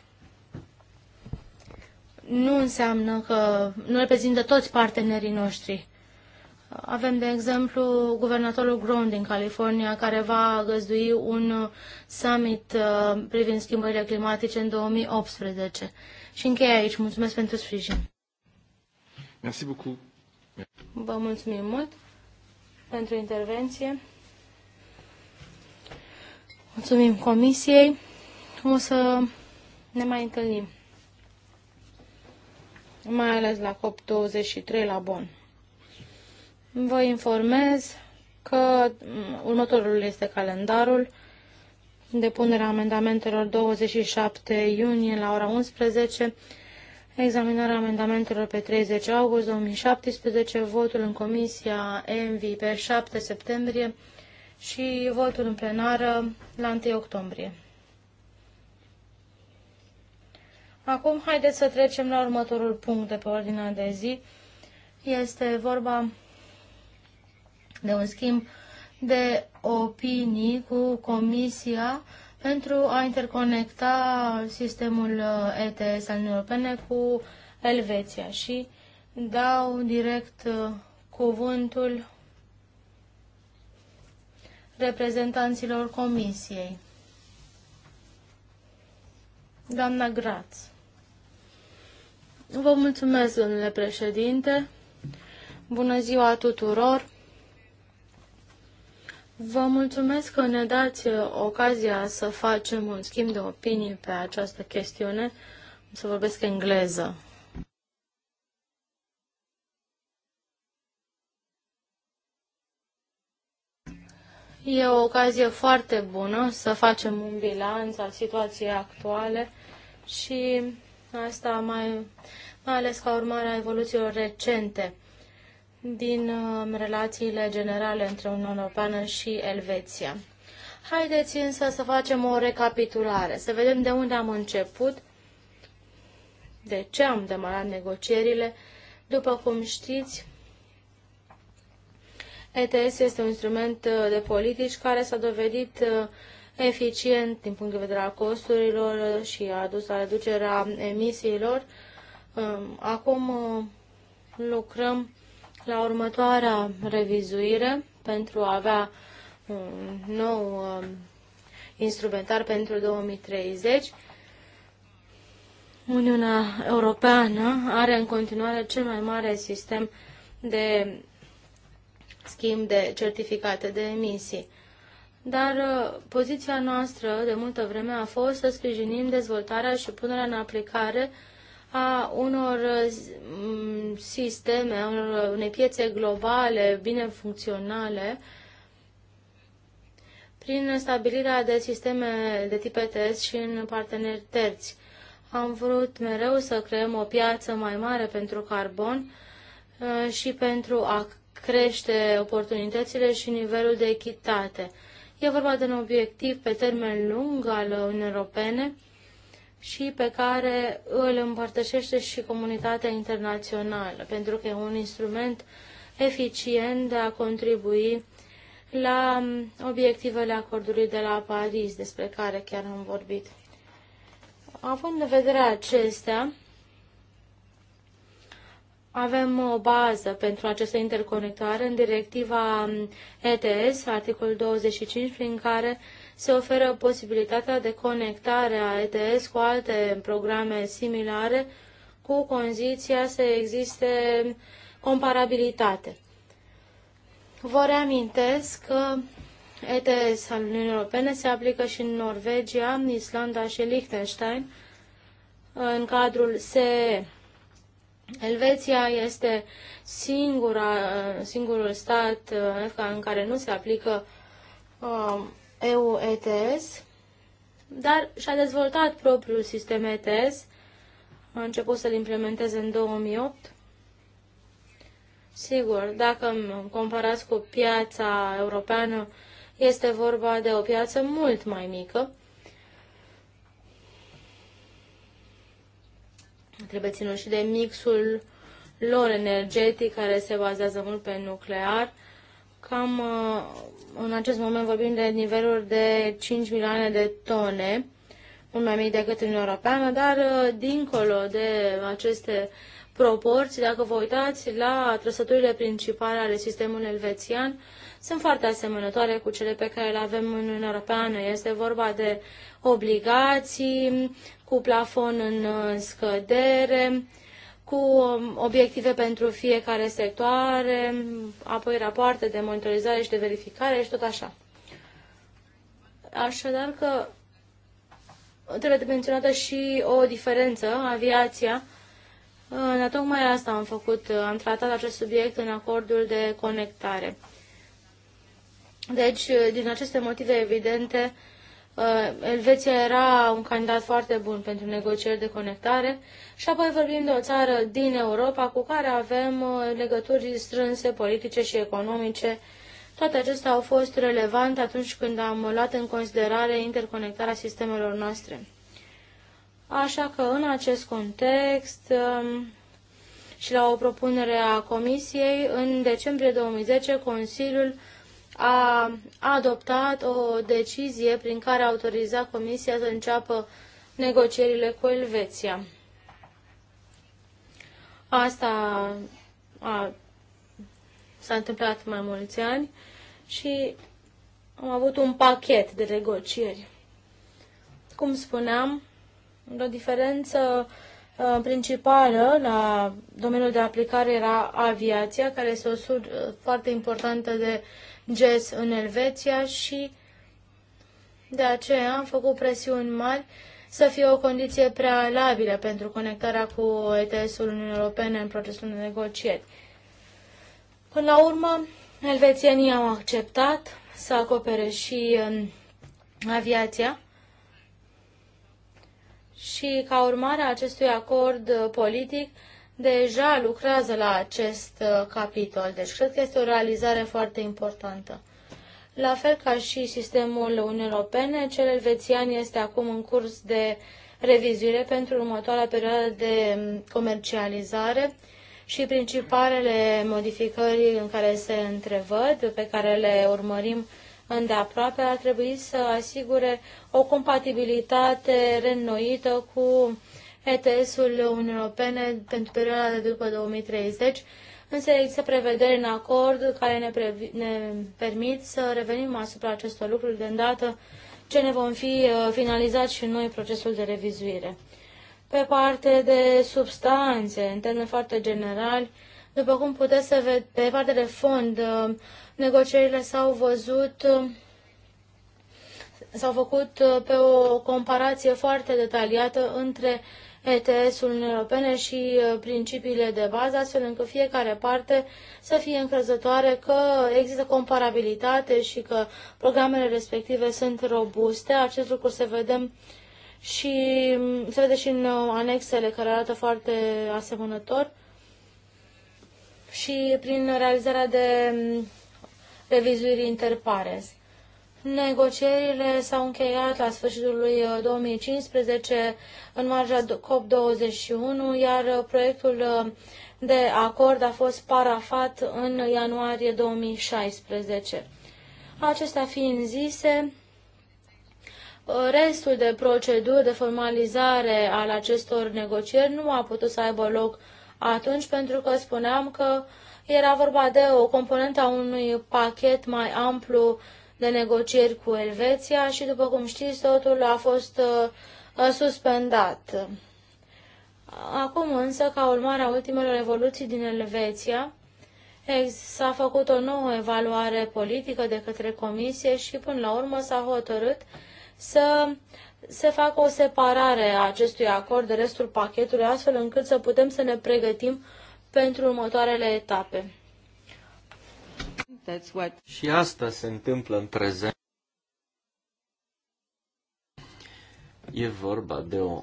nu înseamnă că nu reprezintă toți partenerii noștri. Avem, de exemplu, guvernatorul Brown din California, care va găzdui un summit uh, privind schimbările climatice în 2018. Și închei aici. Mulțumesc pentru sprijin. Merci beaucoup. Vă mulțumim mult pentru intervenție. Mulțumim comisiei. O să ne mai întâlnim. Mai ales la COP23 la Bonn. Vă informez că mm, următorul este calendarul. Depunerea amendamentelor 27 iunie la ora 11, examinarea amendamentelor pe 30 august 2017, votul în comisia MV pe 7 septembrie și votul în plenară la 1 octombrie. Acum haideți să trecem la următorul punct de pe ordinea de zi. Este vorba de un schimb de opinii cu Comisia pentru a interconecta sistemul uh, ETS al Uniunii Europene cu Elveția și dau direct uh, cuvântul reprezentanților Comisiei. Doamna Graț. Vă mulțumesc, domnule președinte. Bună ziua tuturor. Vă mulțumesc că ne dați uh, ocazia să facem un schimb de opinii pe această chestiune. O să vorbesc engleză. E o ocazie foarte bună să facem un bilanț al situației actuale și asta mai, mai ales ca urmare a evoluțiilor recente din um, relațiile generale între Uniunea Europeană și Elveția. Haideți însă să facem o recapitulare, să vedem de unde am început, de ce am demarat negocierile. După cum știți, ETS este un instrument uh, de politici care s-a dovedit uh, eficient din punct de vedere al costurilor uh, și a adus la reducerea emisiilor. Um, acum lucrăm la următoarea revizuire pentru a avea un nou um, instrumentar pentru 2030. Uniunea Europeană are în continuare cel mai mare sistem de schimb de certificate de emisii. Dar uh, poziția noastră de multă vreme a fost să sprijinim dezvoltarea și punerea în aplicare a unor mm, sisteme, a unei piețe globale, bine funcționale, prin stabilirea de sisteme de tip ETS și în parteneri terți. Am vrut mereu să creăm o piață mai mare pentru carbon uh, și pentru a crește oportunitățile și nivelul de echitate. E vorba de un obiectiv pe termen lung al Uniunii Europene și pe care îl împărtășește și comunitatea internațională, pentru că e un instrument eficient de a contribui la obiectivele acordului de la Paris, despre care chiar am vorbit. Având în vedere acestea, avem o bază pentru această interconectare în directiva ETS, articolul 25, prin care uh, se oferă posibilitatea de conectare a ETS cu alte programe similare, cu condiția să existe comparabilitate. Vă reamintesc că ETS al Uniunii Europene se aplică și în Norvegia, Islanda și Liechtenstein în cadrul SE. Elveția este singura, singurul stat uh, în care nu se aplică uh, EU ETS, dar și-a dezvoltat propriul sistem ETS, a început să-l implementeze în 2008. Sigur, dacă comparați cu piața europeană, este vorba de o piață mult mai mică. Trebuie ținut și de mixul lor energetic, care se bazează mult pe nuclear, Cam uh, în acest moment vorbim de niveluri de 5 milioane de tone, mult mai mic decât în Europeană, dar uh, dincolo de aceste proporții, dacă vă uitați la trăsăturile principale ale sistemului elvețian, sunt foarte asemănătoare cu cele pe care le avem în Uniunea Europeană. Este vorba de obligații cu plafon în uh, scădere, cu obiective pentru fiecare sectoare, apoi rapoarte de monitorizare și de verificare și tot așa. Așadar că trebuie menționată și o diferență, aviația. la tocmai asta am făcut, am tratat acest subiect în acordul de conectare. Deci, din aceste motive evidente, Uh, Elveția era un candidat foarte bun pentru negocieri de conectare și apoi vorbim de o țară din Europa cu care avem uh, legături strânse politice și economice. Toate acestea au fost relevante atunci când am luat în considerare interconectarea sistemelor noastre. Așa că în acest context um, și la o propunere a Comisiei, în decembrie 2010 Consiliul a adoptat o decizie prin care autoriza Comisia să înceapă negocierile cu Elveția. Asta s-a întâmplat mai mulți ani și am avut un pachet de negocieri. Cum spuneam, o diferență principală la domeniul de aplicare era aviația, care este o sur uh, foarte importantă de jazz în Elveția și de aceea am făcut presiuni mari să fie o condiție prealabilă pentru conectarea cu ETS-ul Uniunii Europene în procesul de negocieri. Până la urmă, elvețienii au acceptat să acopere și um, aviația și ca urmare a acestui acord uh, politic deja lucrează la acest uh, capitol. Deci cred că este o realizare foarte importantă. La fel ca și sistemul Uniunii Europene, cel elvețian este acum în curs de revizuire pentru următoarea perioadă de um, comercializare și principalele modificări în care se întrevăd, pe care le urmărim îndeaproape, ar trebui să asigure o compatibilitate reînnoită cu ETS-ul Uniunii Europene pentru perioada de după 2030, însă există prevedere în acord care ne, previ- ne permit să revenim asupra acestor lucruri de îndată ce ne vom fi uh, finalizat și noi procesul de revizuire. Pe parte de substanțe, în termeni foarte generali, după cum puteți să vedeți, pe partea de fond, uh, negocierile s-au văzut, uh, s-au făcut uh, pe o comparație foarte detaliată între ETS-ul Uniunii Europene și principiile de bază, astfel încât fiecare parte să fie încrezătoare că există comparabilitate și că programele respective sunt robuste. Acest lucru se vedem și mm, se vede și în anexele care arată foarte asemănător și prin realizarea de mm, revizuiri interpares. Negocierile s-au încheiat la sfârșitul lui 2015 uh, în marja COP21, iar uh, proiectul uh, de acord a fost parafat în ianuarie 2016. Acestea fiind zise, restul de proceduri de formalizare al acestor negocieri nu a putut să aibă loc atunci pentru că spuneam că era vorba de o componentă a unui pachet mai amplu de negocieri cu Elveția și, după cum știți, totul a fost uh, suspendat. Acum însă, ca urmare a ultimelor evoluții din Elveția, s-a făcut o nouă evaluare politică de către Comisie și, până la urmă, s-a hotărât să se facă o separare a acestui acord de restul pachetului, astfel încât să putem să ne pregătim pentru următoarele etape. What... Și asta se întâmplă în prezent. E vorba de o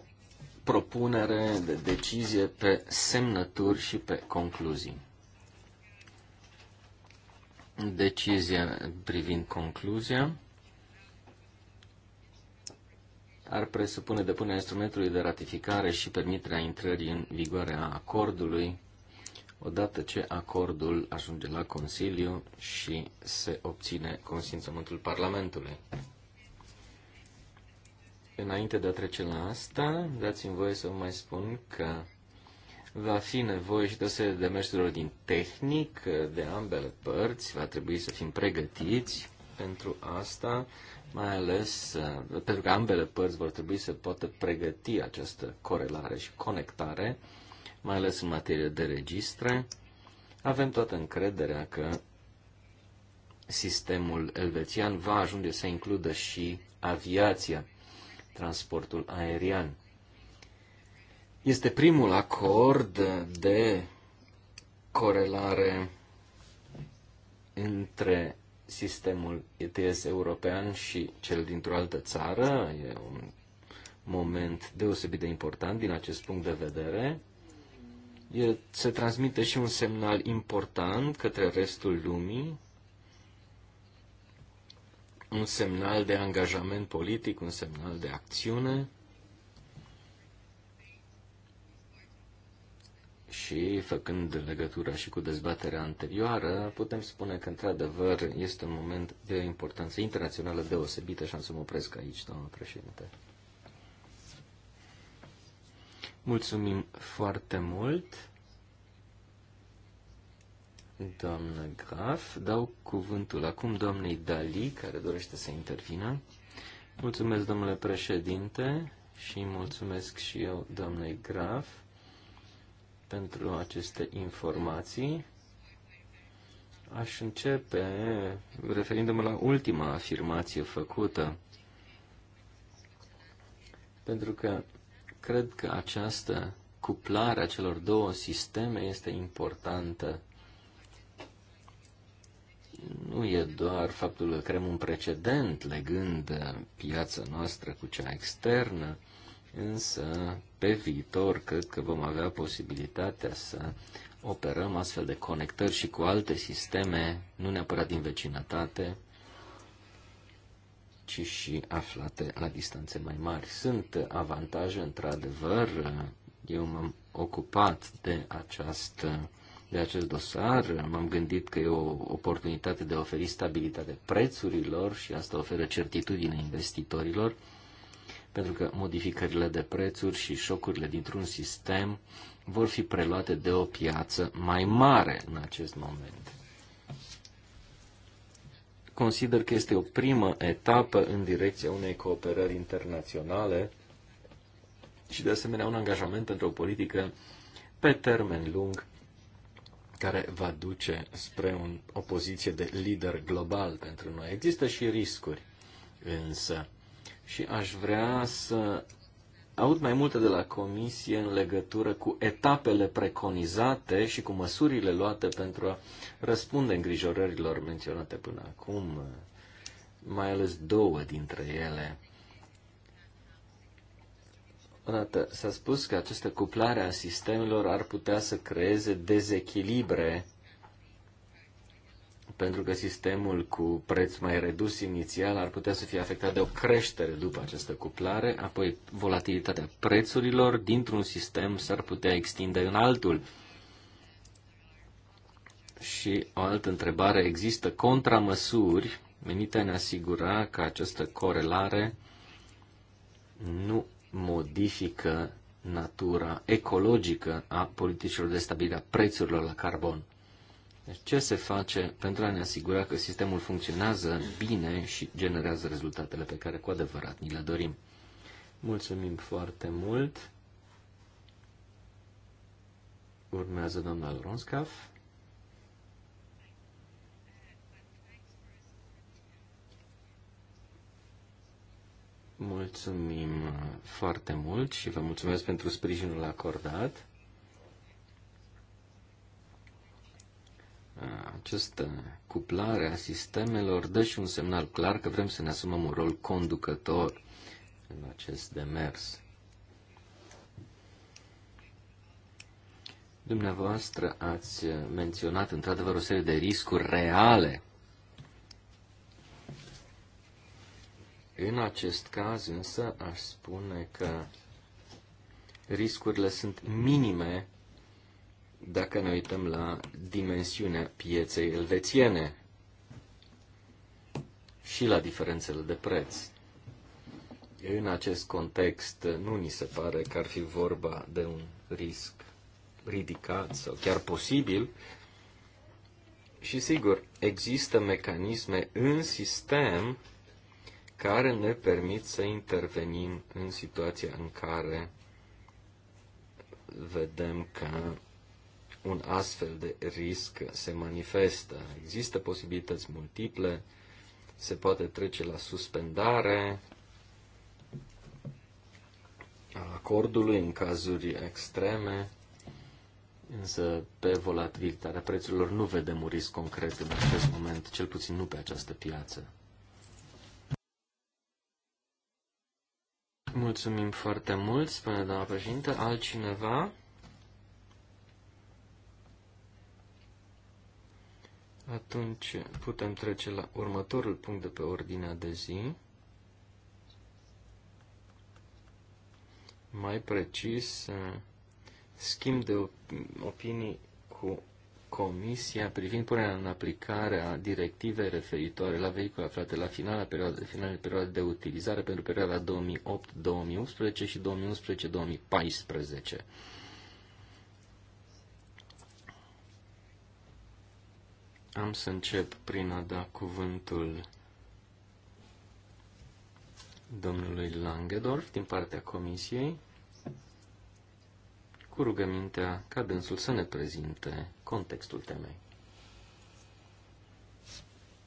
propunere de decizie pe semnături și pe concluzii. Decizia privind concluzia ar presupune depunerea instrumentului de ratificare și permiterea intrării în vigoare a acordului odată ce acordul ajunge la Consiliu și se obține consimțământul Parlamentului. Înainte de a trece la asta, dați-mi voie să vă mai spun că va fi nevoie și de o serie de demersurilor din tehnic de ambele părți, va trebui să fim pregătiți pentru asta mai ales uh, pentru că ambele părți vor trebui să poată pregăti această corelare și conectare, mai ales în materie de registre. Avem toată încrederea că sistemul elvețian va ajunge să includă și aviația, transportul aerian. Este primul acord de corelare între sistemul ETS european și cel dintr-o altă țară. E un moment deosebit de important din acest punct de vedere. E, se transmite și un semnal important către restul lumii, un semnal de angajament politic, un semnal de acțiune. Și făcând legătura și cu dezbaterea anterioară, putem spune că, într-adevăr, este un moment de importanță internațională deosebită și am să mă opresc aici, doamnă președinte. Mulțumim foarte mult, doamnă Graf. Dau cuvântul acum doamnei Dali, care dorește să intervină. Mulțumesc, domnule președinte, și mulțumesc și eu, doamnei Graf pentru aceste informații. Aș începe referindu-mă la ultima afirmație făcută, pentru că cred că această cuplare a celor două sisteme este importantă. Nu e doar faptul că creăm un precedent legând piața noastră cu cea externă, însă pe viitor cred că vom avea posibilitatea să operăm astfel de conectări și cu alte sisteme, nu neapărat din vecinătate, ci și aflate la distanțe mai mari. Sunt avantaje, într-adevăr. Eu m-am ocupat de, această, de acest dosar, m-am gândit că e o oportunitate de a oferi stabilitate prețurilor și asta oferă certitudine investitorilor pentru că modificările de prețuri și șocurile dintr-un sistem vor fi preluate de o piață mai mare în acest moment. Consider că este o primă etapă în direcția unei cooperări internaționale și, de asemenea, un angajament pentru o politică pe termen lung care va duce spre un, o poziție de lider global pentru noi. Există și riscuri, însă și aș vrea să aud mai multe de la Comisie în legătură cu etapele preconizate și cu măsurile luate pentru a răspunde îngrijorărilor menționate până acum, mai ales două dintre ele. Odată s-a spus că această cuplare a sistemelor ar putea să creeze dezechilibre pentru că sistemul cu preț mai redus inițial ar putea să fie afectat de o creștere după această cuplare, apoi volatilitatea prețurilor dintr-un sistem s-ar putea extinde în altul. Și o altă întrebare, există contramăsuri menite a ne asigura că această corelare nu modifică natura ecologică a politicilor de stabilire a prețurilor la carbon. Deci ce se face pentru a ne asigura că sistemul funcționează bine și generează rezultatele pe care cu adevărat ni le dorim? Mulțumim foarte mult! Urmează doamna Ronscaf. Mulțumim foarte mult și vă mulțumesc pentru sprijinul acordat. această cuplare a sistemelor dă și un semnal clar că vrem să ne asumăm un rol conducător în acest demers. Dumneavoastră ați menționat într-adevăr o serie de riscuri reale. În acest caz însă aș spune că riscurile sunt minime dacă ne uităm la dimensiunea pieței elvețiene și la diferențele de preț. În acest context, nu ni se pare că ar fi vorba de un risc ridicat sau chiar posibil. Și sigur, există mecanisme în sistem care ne permit să intervenim în situația în care vedem că un astfel de risc se manifestă. Există posibilități multiple, se poate trece la suspendare a acordului în cazuri extreme, însă pe volatilitatea prețurilor nu vedem un risc concret în acest moment, cel puțin nu pe această piață. Mulțumim foarte mult, spune doamna președinte. Altcineva? Atunci putem trece la următorul punct de pe ordinea de zi. Mai precis, schimb de opinii cu Comisia privind punerea în aplicare a directivei referitoare la vehicule aflate la finala perioadei finale perioade de utilizare pentru perioada 2008-2011 și 2011-2014. Am să încep prin a da cuvântul domnului Langedorf din partea comisiei, cu rugămintea ca dânsul să ne prezinte contextul temei.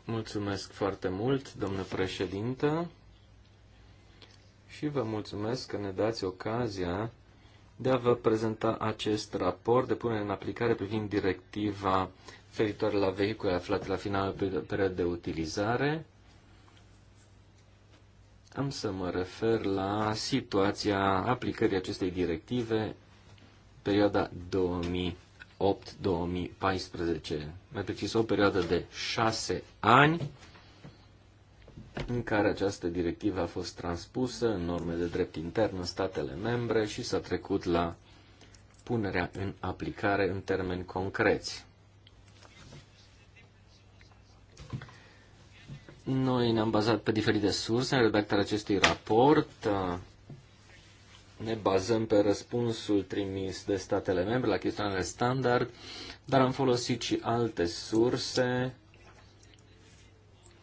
Mulțumesc foarte mult, domnule președinte, și vă mulțumesc că ne dați ocazia de a vă prezenta acest raport de punere în aplicare privind directiva referitoare la vehicule aflate la finalul perioadă de utilizare, am să mă refer la situația aplicării acestei directive perioada 2008-2014, mai precis o perioadă de șase ani în care această directivă a fost transpusă în norme de drept intern în statele membre și s-a trecut la punerea în aplicare în termeni concreți. Noi ne-am bazat pe diferite surse în redactarea acestui raport. Ne bazăm pe răspunsul trimis de statele membre la chestiunile standard, dar am folosit și alte surse,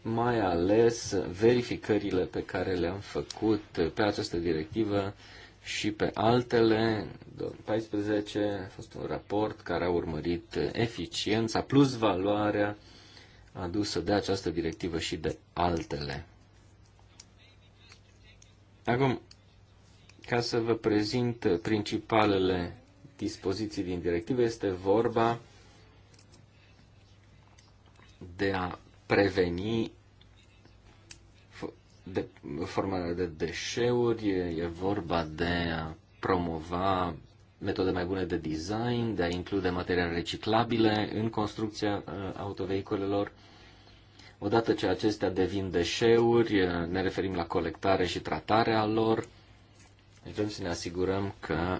mai ales verificările pe care le-am făcut pe această directivă și pe altele. 2014 a fost un raport care a urmărit eficiența plus valoarea adusă de această directivă și de altele. Acum, ca să vă prezint principalele dispoziții din directivă, este vorba de a preveni de formarea de deșeuri, e vorba de a promova metode mai bune de design, de a include materiale reciclabile în construcția uh, autovehiculelor Odată ce acestea devin deșeuri, ne referim la colectare și tratarea lor. Deci vrem să ne asigurăm că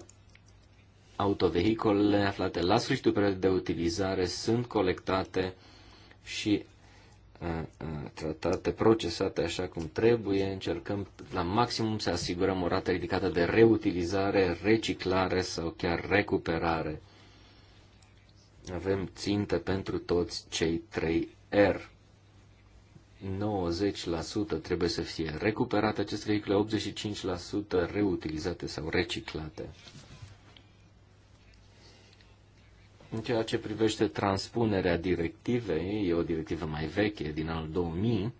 autovehicolele aflate la sfârșitul perioadei de utilizare sunt colectate și uh, uh, tratate, procesate așa cum trebuie, încercăm la maximum să asigurăm o rată ridicată de reutilizare, reciclare sau chiar recuperare. Avem ținte pentru toți cei 3 R. 90% trebuie să fie recuperate aceste vehicule, 85% reutilizate sau reciclate. În ceea ce privește transpunerea directivei, e o directivă mai veche, din anul 2000,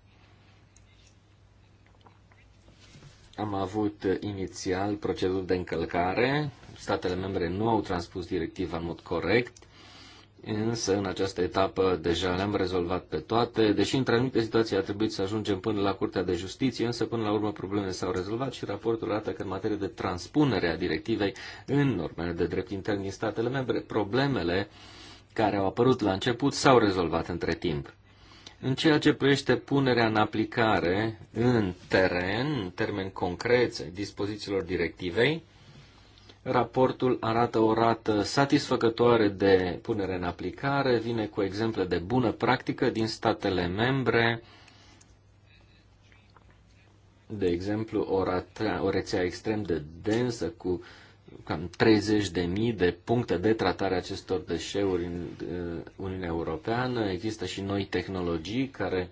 am avut inițial proceduri de încălcare, statele membre nu au transpus directiva în mod corect, însă în această etapă deja le-am rezolvat pe toate, deși într anumite situații a trebuit să ajungem până la Curtea de Justiție, însă până la urmă problemele s-au rezolvat și raportul arată că în materie de transpunere a directivei în normele de drept intern din statele membre, problemele care au apărut la început s-au rezolvat între timp. În ceea ce privește punerea în aplicare în teren, în termeni concreți, dispozițiilor directivei, Raportul arată o rată satisfăcătoare de punere în aplicare, vine cu exemple de bună practică din statele membre, de exemplu, o, rată o rețea extrem de densă cu cam 30.000 de puncte de tratare acestor deșeuri în uh, Uniunea Europeană. Există și noi tehnologii care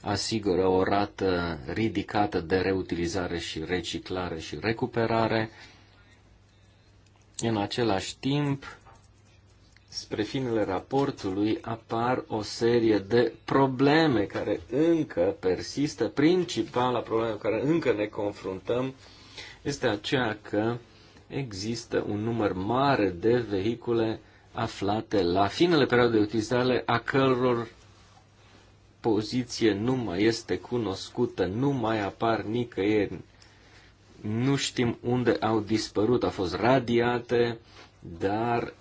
asigură o rată ridicată de reutilizare și reciclare și recuperare. În același timp, spre finele raportului apar o serie de probleme care încă persistă. Principala problemă cu care încă ne confruntăm este aceea că există un număr mare de vehicule aflate la finele perioadei utilizare a căror poziție nu mai este cunoscută, nu mai apar nicăieri nu știm unde au dispărut, au fost radiate, dar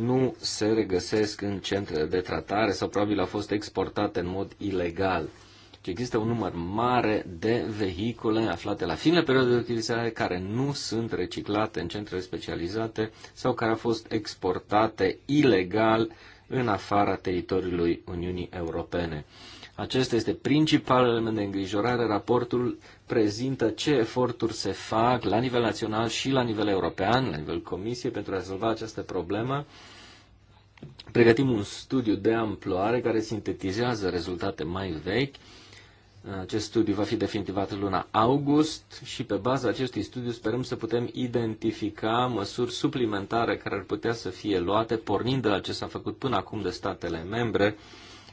nu se regăsesc în centre de tratare sau probabil au fost exportate în mod ilegal. Deci există un număr mare de vehicule aflate la finele perioadei de utilizare care nu sunt reciclate în centrele specializate sau care au fost exportate ilegal în afara teritoriului Uniunii Europene. Acesta este principalul element de îngrijorare. Raportul prezintă ce eforturi se fac la nivel național și la nivel european, la nivel Comisie, pentru a rezolva această problemă. Pregătim un studiu de amploare care sintetizează rezultate mai vechi. Acest studiu va fi definitivat luna august și pe baza acestui studiu sperăm să putem identifica măsuri suplimentare care ar putea să fie luate pornind de la ce s-a făcut până acum de statele membre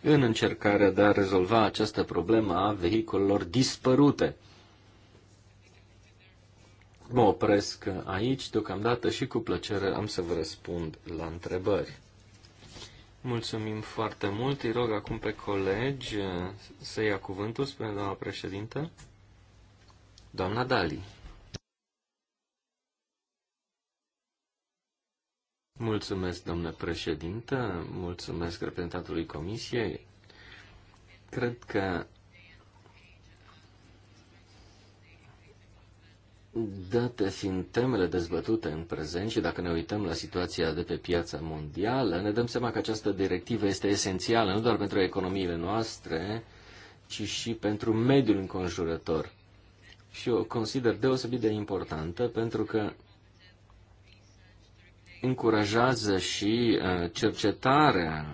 în încercarea de a rezolva această problemă a vehiculelor dispărute. Mă opresc aici deocamdată și cu plăcere am să vă răspund la întrebări. Mulțumim foarte mult. Îi rog acum pe colegi să ia cuvântul, spune doamna președintă. Doamna Dali. Mulțumesc, domnule președinte, mulțumesc reprezentantului comisiei. Cred că Date fiind temele dezbătute în prezent și dacă ne uităm la situația de pe piața mondială, ne dăm seama că această directivă este esențială nu doar pentru economiile noastre, ci și pentru mediul înconjurător. Și o consider deosebit de importantă pentru că încurajează și uh, cercetarea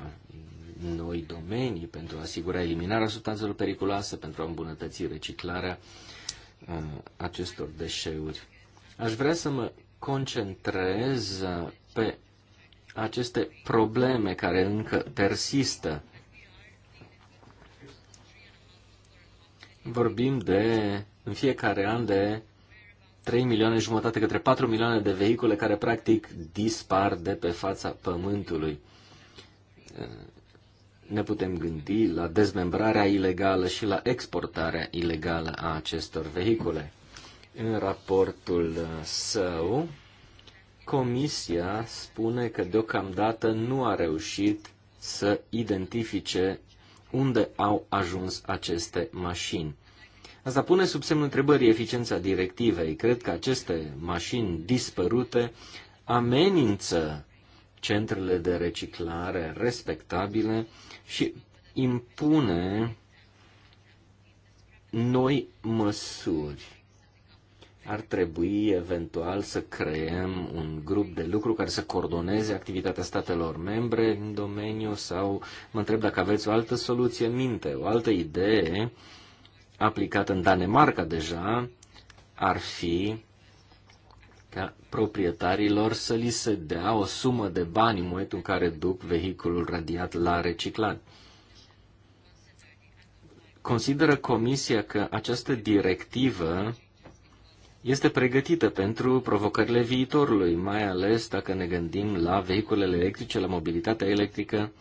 noi domenii pentru a asigura eliminarea substanțelor periculoase, pentru a îmbunătăți reciclarea uh, acestor deșeuri. Aș vrea să mă concentrez uh, pe aceste probleme care încă persistă. Vorbim de, în fiecare an de 3 milioane jumătate către 4 milioane de vehicule care practic dispar de pe fața pământului. Ne putem gândi la dezmembrarea ilegală și la exportarea ilegală a acestor vehicule. În raportul uh, său, Comisia spune că deocamdată nu a reușit să identifice unde au ajuns aceste mașini. Asta pune sub semnul întrebării eficiența directivei. Cred că aceste mașini dispărute amenință centrele de reciclare respectabile și impune noi măsuri. Ar trebui eventual să creăm un grup de lucru care să coordoneze activitatea statelor membre în domeniu sau mă întreb dacă aveți o altă soluție în minte, o altă idee aplicat în Danemarca deja ar fi ca proprietarilor să li se dea o sumă de bani în momentul în care duc vehiculul radiat la reciclat. Consideră Comisia că această directivă este pregătită pentru provocările viitorului, mai ales dacă ne gândim la vehiculele electrice, la mobilitatea electrică,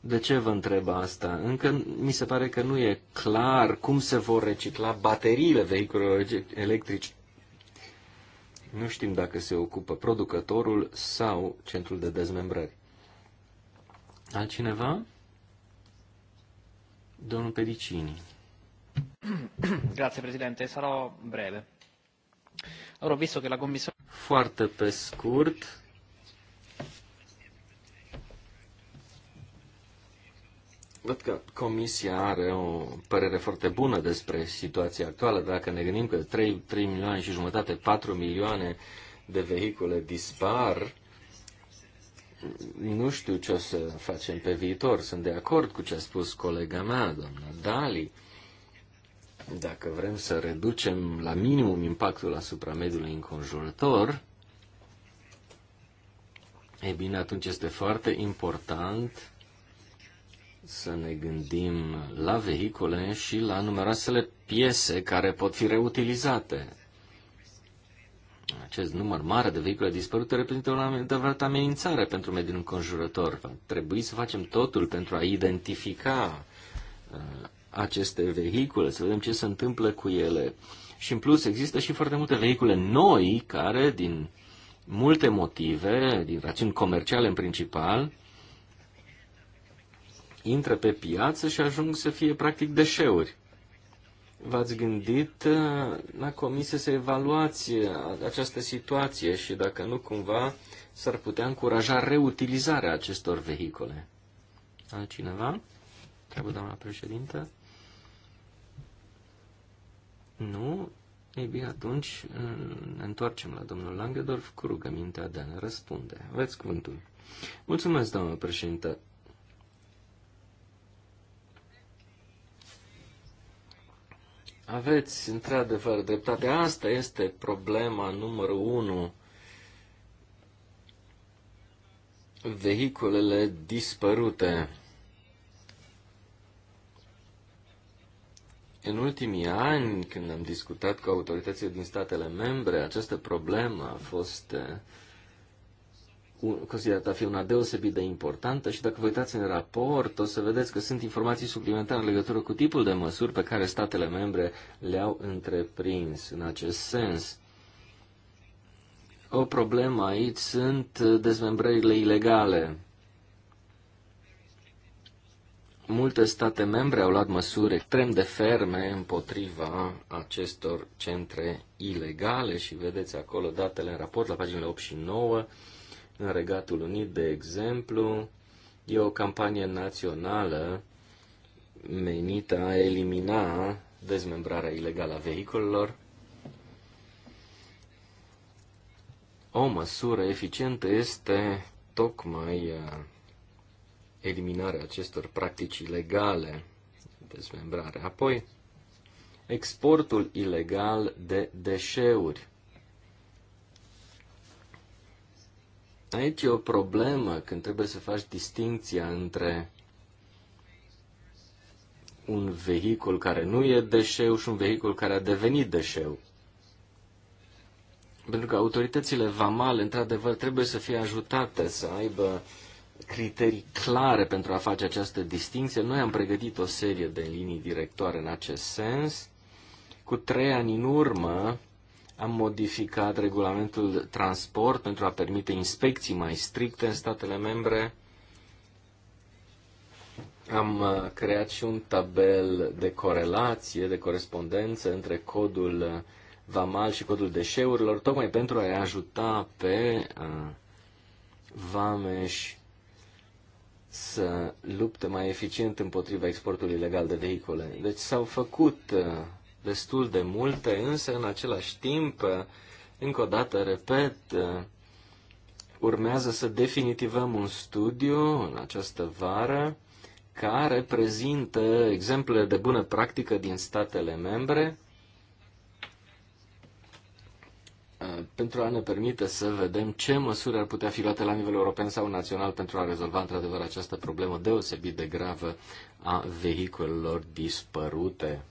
de ce vă întreb asta? Încă mi se pare că nu e clar cum se vor recicla bateriile vehiculelor electrice. Nu știm dacă se ocupă producătorul sau centrul de dezmembrări. Altcineva? Domnul Pedicini. Grazie, Presidente. Sarò breve. Allora, visto che la Commissione... Foarte pe scurt, Văd că Comisia are o părere foarte bună despre situația actuală. Dacă ne gândim că 3, 3 milioane și jumătate, 4 milioane de vehicule dispar, nu știu ce o să facem pe viitor. Sunt de acord cu ce a spus colega mea, doamna Dali. Dacă vrem să reducem la minimum impactul asupra mediului înconjurător, e bine, atunci este foarte important să ne gândim la vehicule și la numeroasele piese care pot fi reutilizate. Acest număr mare de vehicule dispărute reprezintă o adevărată amenințare pentru mediul înconjurător. Va trebui să facem totul pentru a identifica uh, aceste vehicule, să vedem ce se întâmplă cu ele. Și în plus există și foarte multe vehicule noi care, din multe motive, din rațiuni comerciale în principal, intră pe piață și ajung să fie practic deșeuri. V-ați gândit uh, la comisie să evaluați uh, această situație și dacă nu cumva s-ar putea încuraja reutilizarea acestor vehicole? Altcineva? Trebuie, doamna președintă? Nu? Ei bine, atunci uh, ne întoarcem la domnul Langedorf cu rugămintea de a ne răspunde. Aveți cuvântul. Mulțumesc, doamnă președintă. Aveți, într-adevăr, dreptate. Asta este problema numărul unu. Vehiculele dispărute. În ultimii ani, când am discutat cu autoritățile din statele membre, această problemă a fost eh, considerată a fi una deosebit de importantă și dacă vă uitați în raport, o să vedeți că sunt informații suplimentare în legătură cu tipul de măsuri pe care statele membre le-au întreprins în acest sens. O problemă aici sunt dezmembrările ilegale. Multe state membre au luat măsuri extrem de ferme împotriva acestor centre ilegale și vedeți acolo datele în raport la paginile 8 și 9 în Regatul Unit, de exemplu, e o campanie națională menită a elimina dezmembrarea ilegală a vehiculelor. O măsură eficientă este tocmai uh, eliminarea acestor practici ilegale, dezmembrare. Apoi, exportul ilegal de deșeuri. Aici e o problemă când trebuie să faci distinția între un vehicul care nu e deșeu și un vehicul care a devenit deșeu. Pentru că autoritățile vamale, într-adevăr, trebuie să fie ajutate să aibă criterii clare pentru a face această distinție. Noi am pregătit o serie de linii directoare în acest sens. Cu trei ani în urmă am modificat regulamentul transport pentru a permite inspecții mai stricte în statele membre. Am uh, creat și un tabel de corelație, de corespondență între codul uh, VAMAL și codul deșeurilor, tocmai pentru a-i ajuta pe uh, vameși să lupte mai eficient împotriva exportului ilegal de vehicule. Deci s-au făcut destul de multe, însă în același timp, încă o dată repet, urmează să definitivăm un studiu în această vară care prezintă exemple de bună practică din statele membre pentru a ne permite să vedem ce măsuri ar putea fi luate la nivel european sau național pentru a rezolva într-adevăr această problemă deosebit de gravă a vehiculelor dispărute.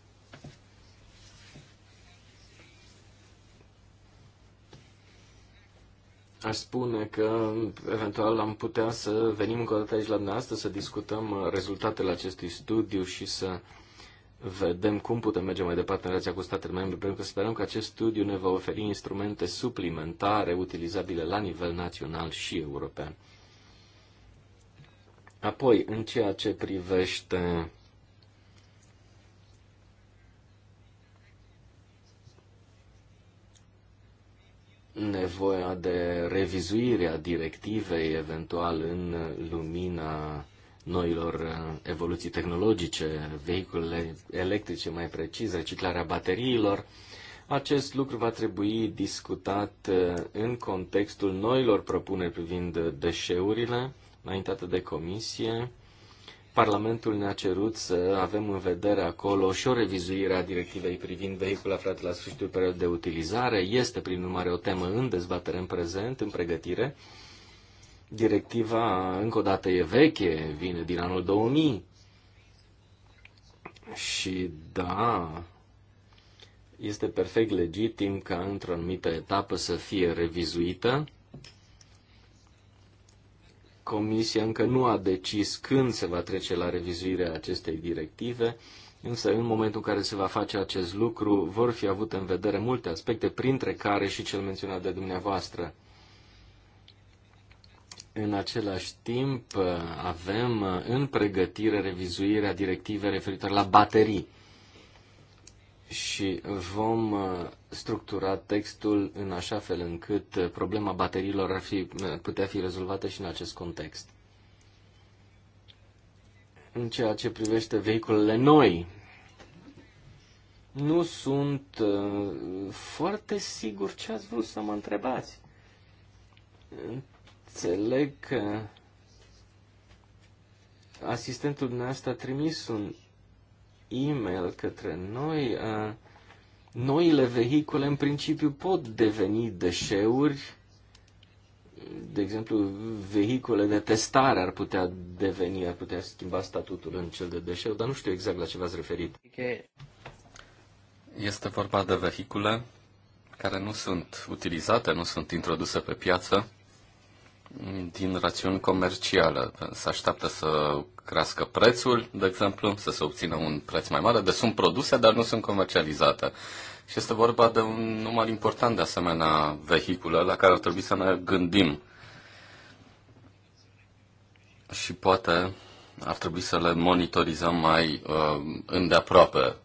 Aș spune că eventual am putea să venim încă o dată aici la dumneavoastră să discutăm uh, rezultatele acestui studiu și să vedem cum putem merge mai departe în relația cu statele membre, pentru că sperăm că acest studiu ne va oferi instrumente suplimentare utilizabile la nivel național și european. Apoi, în ceea ce privește nevoia de revizuire a directivei, eventual în lumina noilor evoluții tehnologice, vehiculele electrice mai precis, reciclarea bateriilor. Acest lucru va trebui discutat uh, în contextul noilor propuneri privind deșeurile înaintate de comisie Parlamentul ne-a cerut să avem în vedere acolo și o revizuire a directivei privind vehicul aflat la sfârșitul perioadei de utilizare. Este, prin urmare, o temă în dezbatere în prezent, în pregătire. Directiva, încă o dată, e veche, vine din anul 2000. Și da, este perfect legitim ca într-o anumită etapă să fie revizuită Comisia încă nu a decis când se va trece la revizuirea acestei directive, însă în momentul în care se va face acest lucru vor fi avute în vedere multe aspecte, printre care și cel menționat de dumneavoastră. În același timp avem în pregătire revizuirea directivei referitoare la baterii și vom uh, structura textul în așa fel încât uh, problema bateriilor ar fi, uh, putea fi rezolvată și în acest context. În ceea ce privește vehiculele noi, nu sunt foarte sigur ce ați vrut să mă întrebați. Înțeleg că asistentul dumneavoastră a trimis un e-mail către noi, noile vehicule în principiu pot deveni deșeuri, de exemplu, vehicule de testare ar putea deveni, ar putea schimba statutul în cel de deșeu, dar nu știu exact la ce v-ați referit. Este vorba de vehicule care nu sunt utilizate, nu sunt introduse pe piață din rațiuni comerciale. Se așteaptă să crească prețul, de exemplu, să se obțină un preț mai mare. Deci sunt produse, dar nu sunt comercializate. Și este vorba de un număr important de asemenea vehicule la care ar trebui să ne gândim. Și poate ar trebui să le monitorizăm mai uh, îndeaproape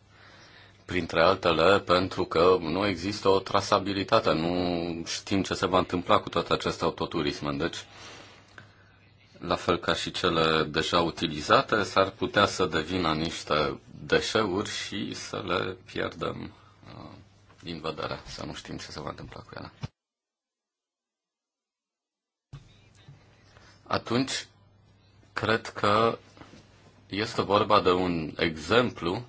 printre altele, pentru că nu există o trasabilitate, nu știm ce se va întâmpla cu toate aceste autoturisme. Deci, la fel ca și cele deja utilizate, s-ar putea să devină niște deșeuri și să le pierdem uh, din vedere, să nu știm ce se va întâmpla cu ele. Atunci, cred că este vorba de un exemplu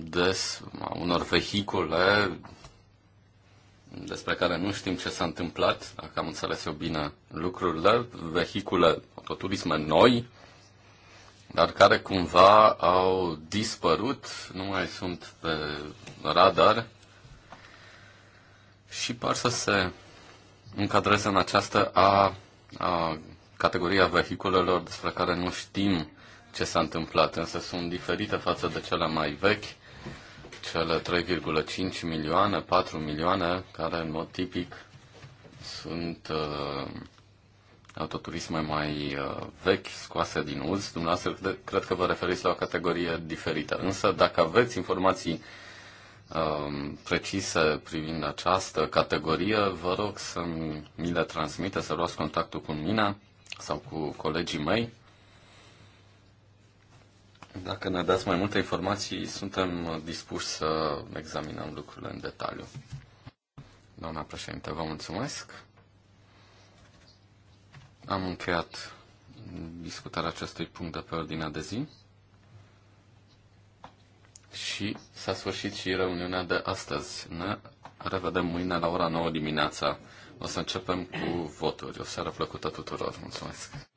des a unor vehicule despre care nu știm ce s-a întâmplat, dacă am înțeles eu bine lucrurile, vehicule, autoturisme noi, dar care cumva au dispărut, nu mai sunt pe radar și par să se încadreze în această a, a categoria vehiculelor despre care nu știm ce s-a întâmplat, însă sunt diferite față de cele mai vechi cele 3,5 milioane, 4 milioane, care în mod tipic sunt uh, autoturisme mai uh, vechi, scoase din uz. Dumneavoastră cred, cred că vă referiți la o categorie diferită. Însă, dacă aveți informații uh, precise privind această categorie, vă rog să mi le transmite, să luați contactul cu mine sau cu colegii mei dacă ne dați mai multe informații, suntem dispuși să examinăm lucrurile în detaliu. Doamna președinte, vă mulțumesc. Am încheiat discutarea acestui punct de pe ordinea de zi și s-a sfârșit și reuniunea de astăzi. Ne revedem mâine la ora 9 dimineața. O să începem cu voturi. O seară plăcută tuturor. Mulțumesc!